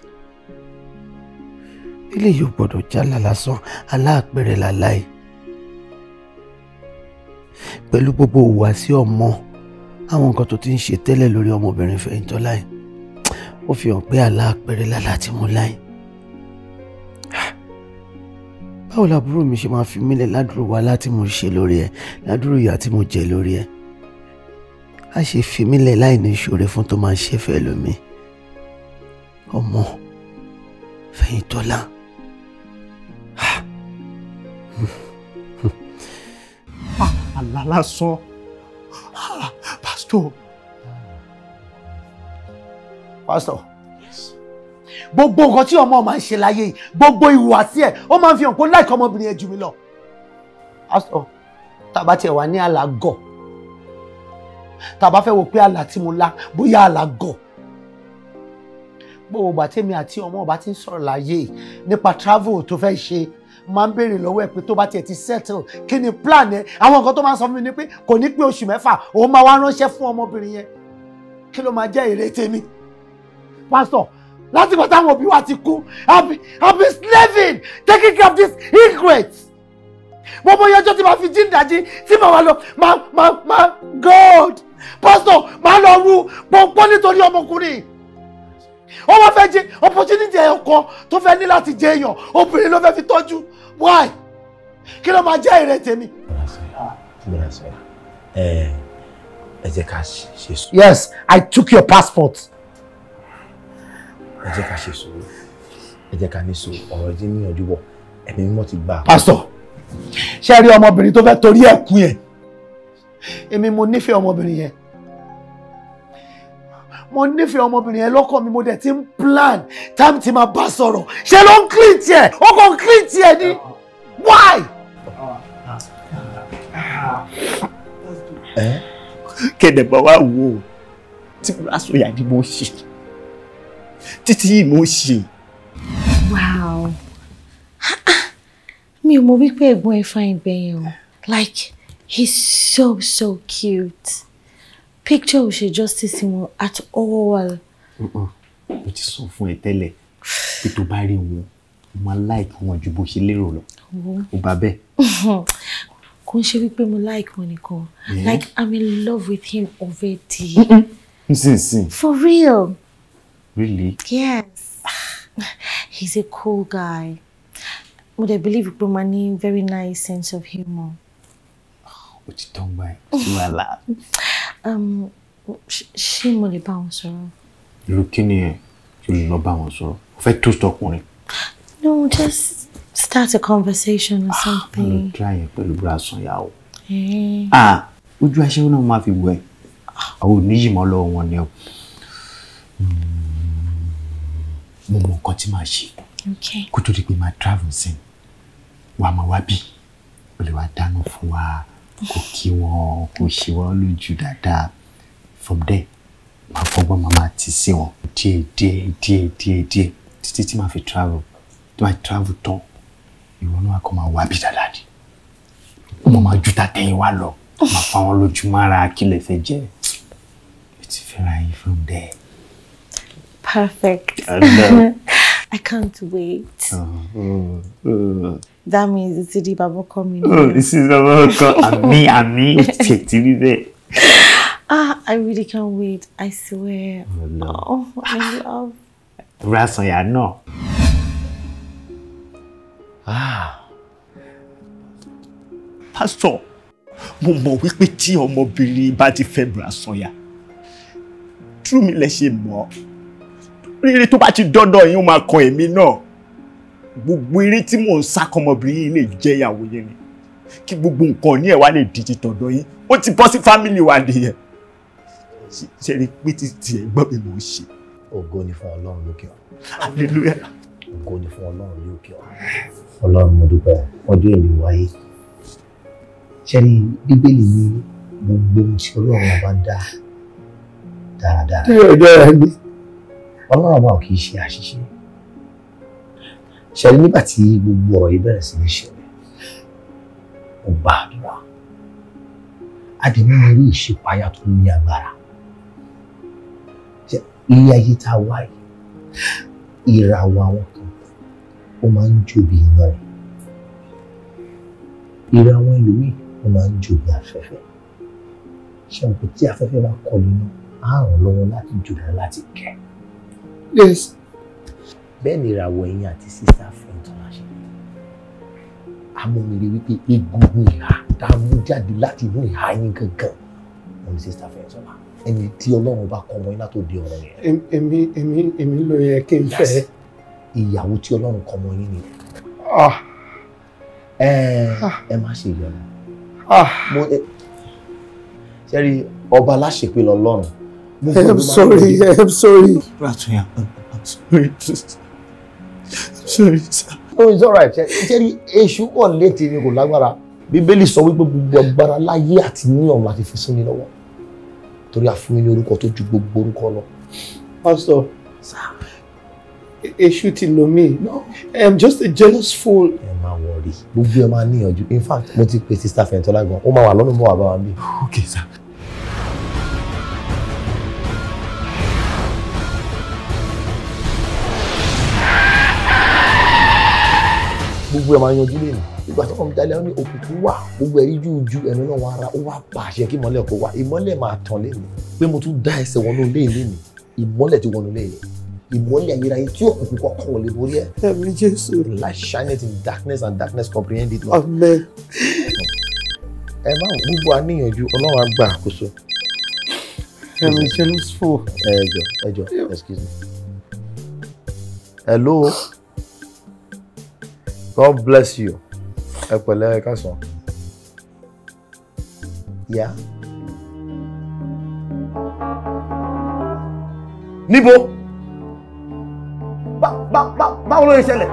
ilé yóò gbọ́dọ̀ jálá lásán aláàpẹrẹ làláì pẹ̀lú gbogbo ìhùwàsí ọmọ àwọn nǹkan tó ti ń ṣe tẹ́lẹ̀ lórí ọmọbìnrin Fẹ́yìntọ́láì ó fi hàn pé aláàpẹrẹ lálá tí mo láì báwo làbúrò mi ṣe máa fi mílẹ̀ ládùúrò wàhálà tí mo ṣe lórí ẹ ládùúrò ìyà tí mo jẹ lórí ẹ a ṣe fi mílẹ̀ láì ní ìṣòro fún tó máa ṣe fẹ́ lómi ọmọ Fẹ́yìntọ́lá. Ah àlá lásán pásítọ̀. Ah, pásítọ̀ gbogbo nǹkan tí ọmọ máa ń ṣe láyé yìí gbogbo ìhùwàsí ẹ̀ ó máa ń fi hàn pé láìka ọmọbìnrin ẹ̀ jù mí lọ. pásítọ̀ tàbá tiẹ̀ wà ní àlá gọ̀ tàbá fẹ́ wo pé àlá tí mo lá bóyá àlá gọ̀ gbogbo ìgbà tèmi àti ọmọ ọba ti ń sọ̀rọ̀ láyé nípa travel tó fẹ́ ṣe máa ń béèrè lọ́wọ́ ẹ̀ pé tó bá tiẹ̀ ti settle kí ni plan ẹ àwọn nǹkan tó máa ń sọ fún mi ni pé kò ní pé oṣù mẹ́fà òun máa wá ránṣẹ́ fún ọmọbìnrin yẹn kí ló máa jẹ́ èrè tèmi pásítọ̀ láti gbọ́ táwọn òbí wa ti kú I've been slaving taking care of this ingrate mo mọ yọjọ́ tí màá fi jí ìdájí tí màá wà lọ máa máa máa God pásítọ̀ máa lọ rú pọ́npọ́n nítorí ọmọkùnrin wọ́n wá fẹ́ jẹ opportunity ẹ̀yọ̀kan tó fẹ́ ní láti jẹ èèyàn obìnrin ló fẹ́ fi tọ́jú why kí ló máa jẹ́ ìrẹ́ tèmi. ẹ jẹ́ ká ṣe sùn. yes i took your passport. ẹ jẹ́ ká ṣe sùn ẹ jẹ́ ká ní sùn ọ̀rọ̀ ẹ̀jẹ̀ níyànjú wọ̀ ẹ̀mí mímọ́ ti gbà. pásítọ̀ ṣe rí ọmọbìnrin tó fẹ́ torí ẹ̀kún yẹn èmi mo nífẹ̀ẹ́ ọmọbìnrin yẹn mo nífẹ̀ẹ́ ọmọbìnrin yẹn lọ́kàn mi mo dẹ̀ ti ń plan time ti ma bá sọ̀rọ̀ ṣé ló ń clean tiẹ̀ ó kàn ń tiẹ̀ ni why. kẹ̀dẹ̀ bá wá wò ó tí mo aṣọ ìyá ni mo ṣe títí yìí mo ṣe. wow mi ò mọ wípé ẹ̀gbọ́n ẹ̀ fáìn o like he's so so cute picture ò ṣe justice wọn at all. mo ti sọ fún ẹ tẹ́lẹ̀ pé tó bá rí wọn mo máa like wọn ju bó ṣe lérò lọ ó bá bẹ́ẹ̀. kò ń ṣe wípé mo like wọn nìkan like i'm in love with him already. nsinsin. for real. really. yes he's a cool guy mo dey believe pé mo ní very nice sense of humour. ó ti tán gbà ẹ́ sí wàhálà. Um, ṣé mo lè bá wọn sọ̀rọ̀. irú kí ni ẹ kí o lè lọ bá wọn sọ̀rọ̀ o fẹ́ tó sọkùnrin. no just start a conversation or ah, something. mo lè try yẹn pẹ̀lú búra sanyàwó. Eh. Ah, ojú aṣẹ́wó náà máa fi wọ ẹ àwọn oníyì mọ́ lọ́wọ́ wọn ni o hmm, mo mọ nǹkan tí màá ṣe kó tó di pé màá travel sin wàá máa wá bí o lè dáná fún wa. Okay kí wọ́n kò ṣe wá lójú dáadáa from there màá fọgbọ́n màá máa ti sí wọn díẹ̀ díẹ̀ díẹ̀ díẹ̀ díẹ̀ títí tí màá fi travel tí màá travel tán ìwọ náà kọ́ máa wá bí dáadáa ni mo máa ju tàtẹ́yìn wá lọ màá fa wọn lójú mára kí lè fẹ́ jẹ́ ẹ ti fẹ́ra yín from there. Perfect. I can't wait. Uh, uh, uh that means it's the bàbá coming. oh this is bàbá kan àmì àmì òtítẹ́ ti rí bẹ́ẹ̀. ah i really can't wait i swear oh, no. oh i love. rasanya no. ah Pastor, mo mọ̀ wípé tí ọmọbìnrin bá ti fẹ́ Brasanya tú mi lẹ ṣe mọ̀ rere tó bá ti dọ́dọ̀ yín ó máa kan èmi náà gbogbo eré tí mò ń sá kọmọbìnrin yìí lè jẹ́ ìyàwó yẹn ni kí gbogbo nǹkan ní ẹ̀ wá lè di ti tọ̀dọ̀ yín ó ti bọ́ sí fámìlì wa nìyẹn ṣe rí pé ti tiẹ̀ gbọ́ mi mò ń ṣe. ògo ni fún ọlọ́run lókè ọ. hallelujah. ògo ni fún ọlọ́run lókè ọ. ọlọ́run mo dúpẹ́ ọdún èmi wáyé ṣe ni bíbélì ní gbogbo ohun tí ọlọ́run dá dáradára. ọlọ́run bá ò kì í ṣe àṣìṣe ṣẹlẹ̀ nígbà tí gbogbo ọ̀rọ̀ yìí bẹ̀rẹ̀ sí ní ṣẹlẹ̀ ó gba àdúrà adẹ̀mí mi rí ìṣípayá tó ní agbára ilé ayé tá a wá yìí ìràwọ̀ àwọn kan ó máa ń jòbi iná rẹ̀ ìràwọ̀ ẹlòmíì ó máa ń jòbi afẹ́fẹ́ ṣé nǹkan tí afẹ́fẹ́ bá kọ nínú á lọ́wọ́ láti jùlọ láti kẹ́. Yes bẹ́ẹ̀ ni ìràwọ̀ ẹ̀yìn àti sister front máa ṣe amómire wípé egungun ìhà tá a mú jáde láti inú ìhà yín gangan òun sister front ọ̀la ẹni tí ọlọ́run bá kọ́ ọmọ yín látò di ọ̀rọ̀ yẹn. èmi èmi èmi ló yẹ kí n fẹ́. ìyàwó tí ọlọ́run kọ́ ọmọ yín ni. Ah. ẹ ah. ẹ má ṣe ìyọnu. Ah. ṣe rí ọba aláṣepé lọ́lọ́run. I'm sorry I'm sorry. Ratunya I'm sorry sorry sir. no oh, it's alright ṣẹ́ni èṣù pọ̀ létí mi kò lágbára bíbélì sọ wípé gbogbo agbára láyé àti ní ọ̀run àti fi sí mi lọ́wọ́ torí a fún mi ní orúkọ tó ju gbogbo orúkọ lọ. pásítọ̀ èṣù ti no, mí i'm just a jealous fool. ẹ máa wọrí gbogbo ẹ máa níyànjú in fact mo ti pe sista fẹ̀ntọ́lá gan ó máa wà lọ́nà mọ́ wà bá wa bí. okay sir. gbogbo ẹ̀ máa yanjú lé ní ìgbà tó kàn mí dalẹ̀ ó ní òkùnkùn wà gbogbo ẹ̀rí ju ju ẹ̀nu náà wàá ó wá pàṣẹ kí ìmọ́lẹ̀ kó wá ìmọ́lẹ̀ máa tàn lé mi pé mo tún dá ẹsẹ̀ wọnú lé lé mi ìmọ́lẹ̀ ti wọnú lé yẹn ìmọ́lẹ̀ ayérayé tí òkùnkùn kọ̀ọ̀kan ò lè borí ẹ̀. ẹ̀mí jésù. light shineth in darkness and darkness comprehend it. amen. ẹ má gbogbo àníyànjú ọlọ́run á àkóso. ẹ̀mí jésù. ẹ jọ ẹ jọ excuse me. hello. God bless you. Ẹ pẹ̀lẹ́ ẹ káàsán. Yá. Níbo? Báwo ló ń ṣẹlẹ̀?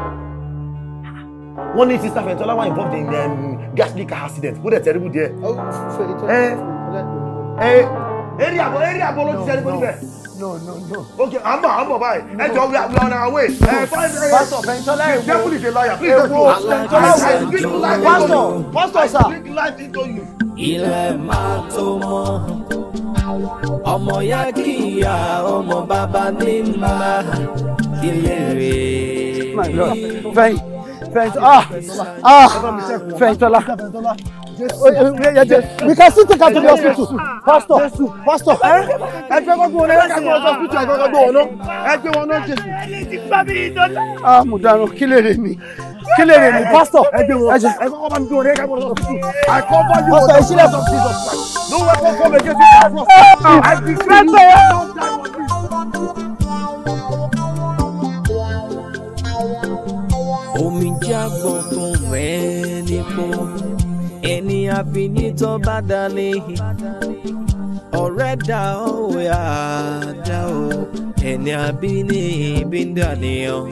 Wọ́n ní sísá Fẹ̀ntọ́lá wà involved in um, ghastly car accident. Wọ́n dẹ̀ terrible díẹ̀. Ẹ ẹ ẹ ẹ èrè àbọ̀ èrè àbọ̀ ló ti ṣẹlẹ̀ pẹ̀lú no no no. okay à ń bọ̀ à ń ẹ jọ we are on our way. pastor fẹ̀yìntọ́lá èwo devil is a liar please don't go. fẹ̀yìntọ́lá èwo pastor pastor sir. I speak life into you. ilẹ̀ máa tó mọ́ ọmọ yá kíyà ọmọ bàbá ní máa ilé rè. fẹ̀yìn fẹ̀yìntọ́lá ah ah fẹ̀yìntọ́lá. Oh, we can still take her to the hospital pastor pastor. Eh? ẹ gbé gbogbo wọn lẹ́yìn ẹgbẹ́ wọn hospital ẹgbẹ́ gbogbo wọn náà ẹgbẹ́ wọn náà jésù. a ah, mú dànù kí lè rè mí kí lè rè mí pastor ẹgbẹ́ wọn ẹgbẹ́ wọn bá mi gbé wọn lẹ́yìn ẹgbẹ́ wọn hospital I cover you pastor Jesus. no weapon come against you pastor I declare no die for you. omi jágbọ́n fún ẹni pọ̀ àfinítọ́ bá dalẹ̀ ọ̀rẹ́ dà ó yà dà ó ẹni àbí ní ibi ń dalẹ̀ ọ́.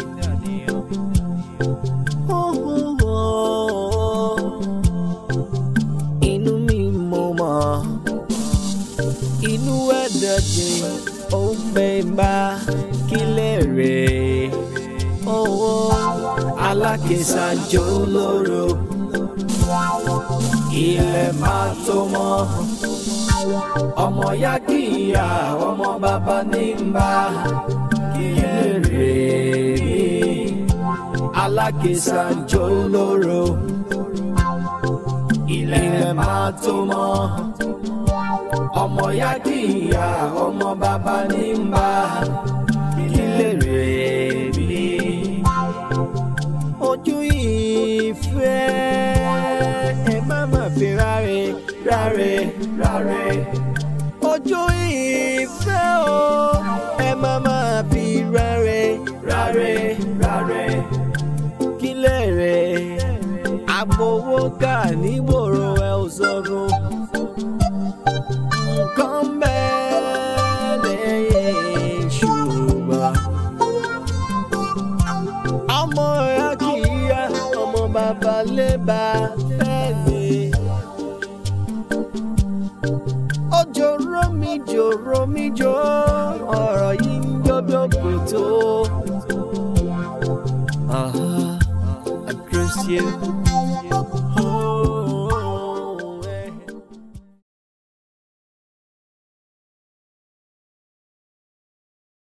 inú mi mọ mọ inú ẹ̀dọ̀ jẹ ó ń bẹ bá kílẹ̀ rẹ̀ owó lóró ilẹ̀ máa tó mọ́ ọmọ yá kíyà ọmọ bàbá ní bá kíyèrè mi alákìsà jọ lóró ilẹ̀ máa tó mọ́ ọmọ yá kíyà ọmọ bàbá ní bá kíyèrè mi ojú ìfẹ́ fi ráre ráre ráre. ojú ìfẹ́ o ẹ má máa fi ráre ráre ráre. kílẹ̀ rẹ̀ àpòwó kà nígboro ẹ ò sọ̀rọ̀. nǹkan bẹ́ẹ̀ romíjó romíjó ọ̀rọ̀ yìí ń jó bí òkòtó. I grace you.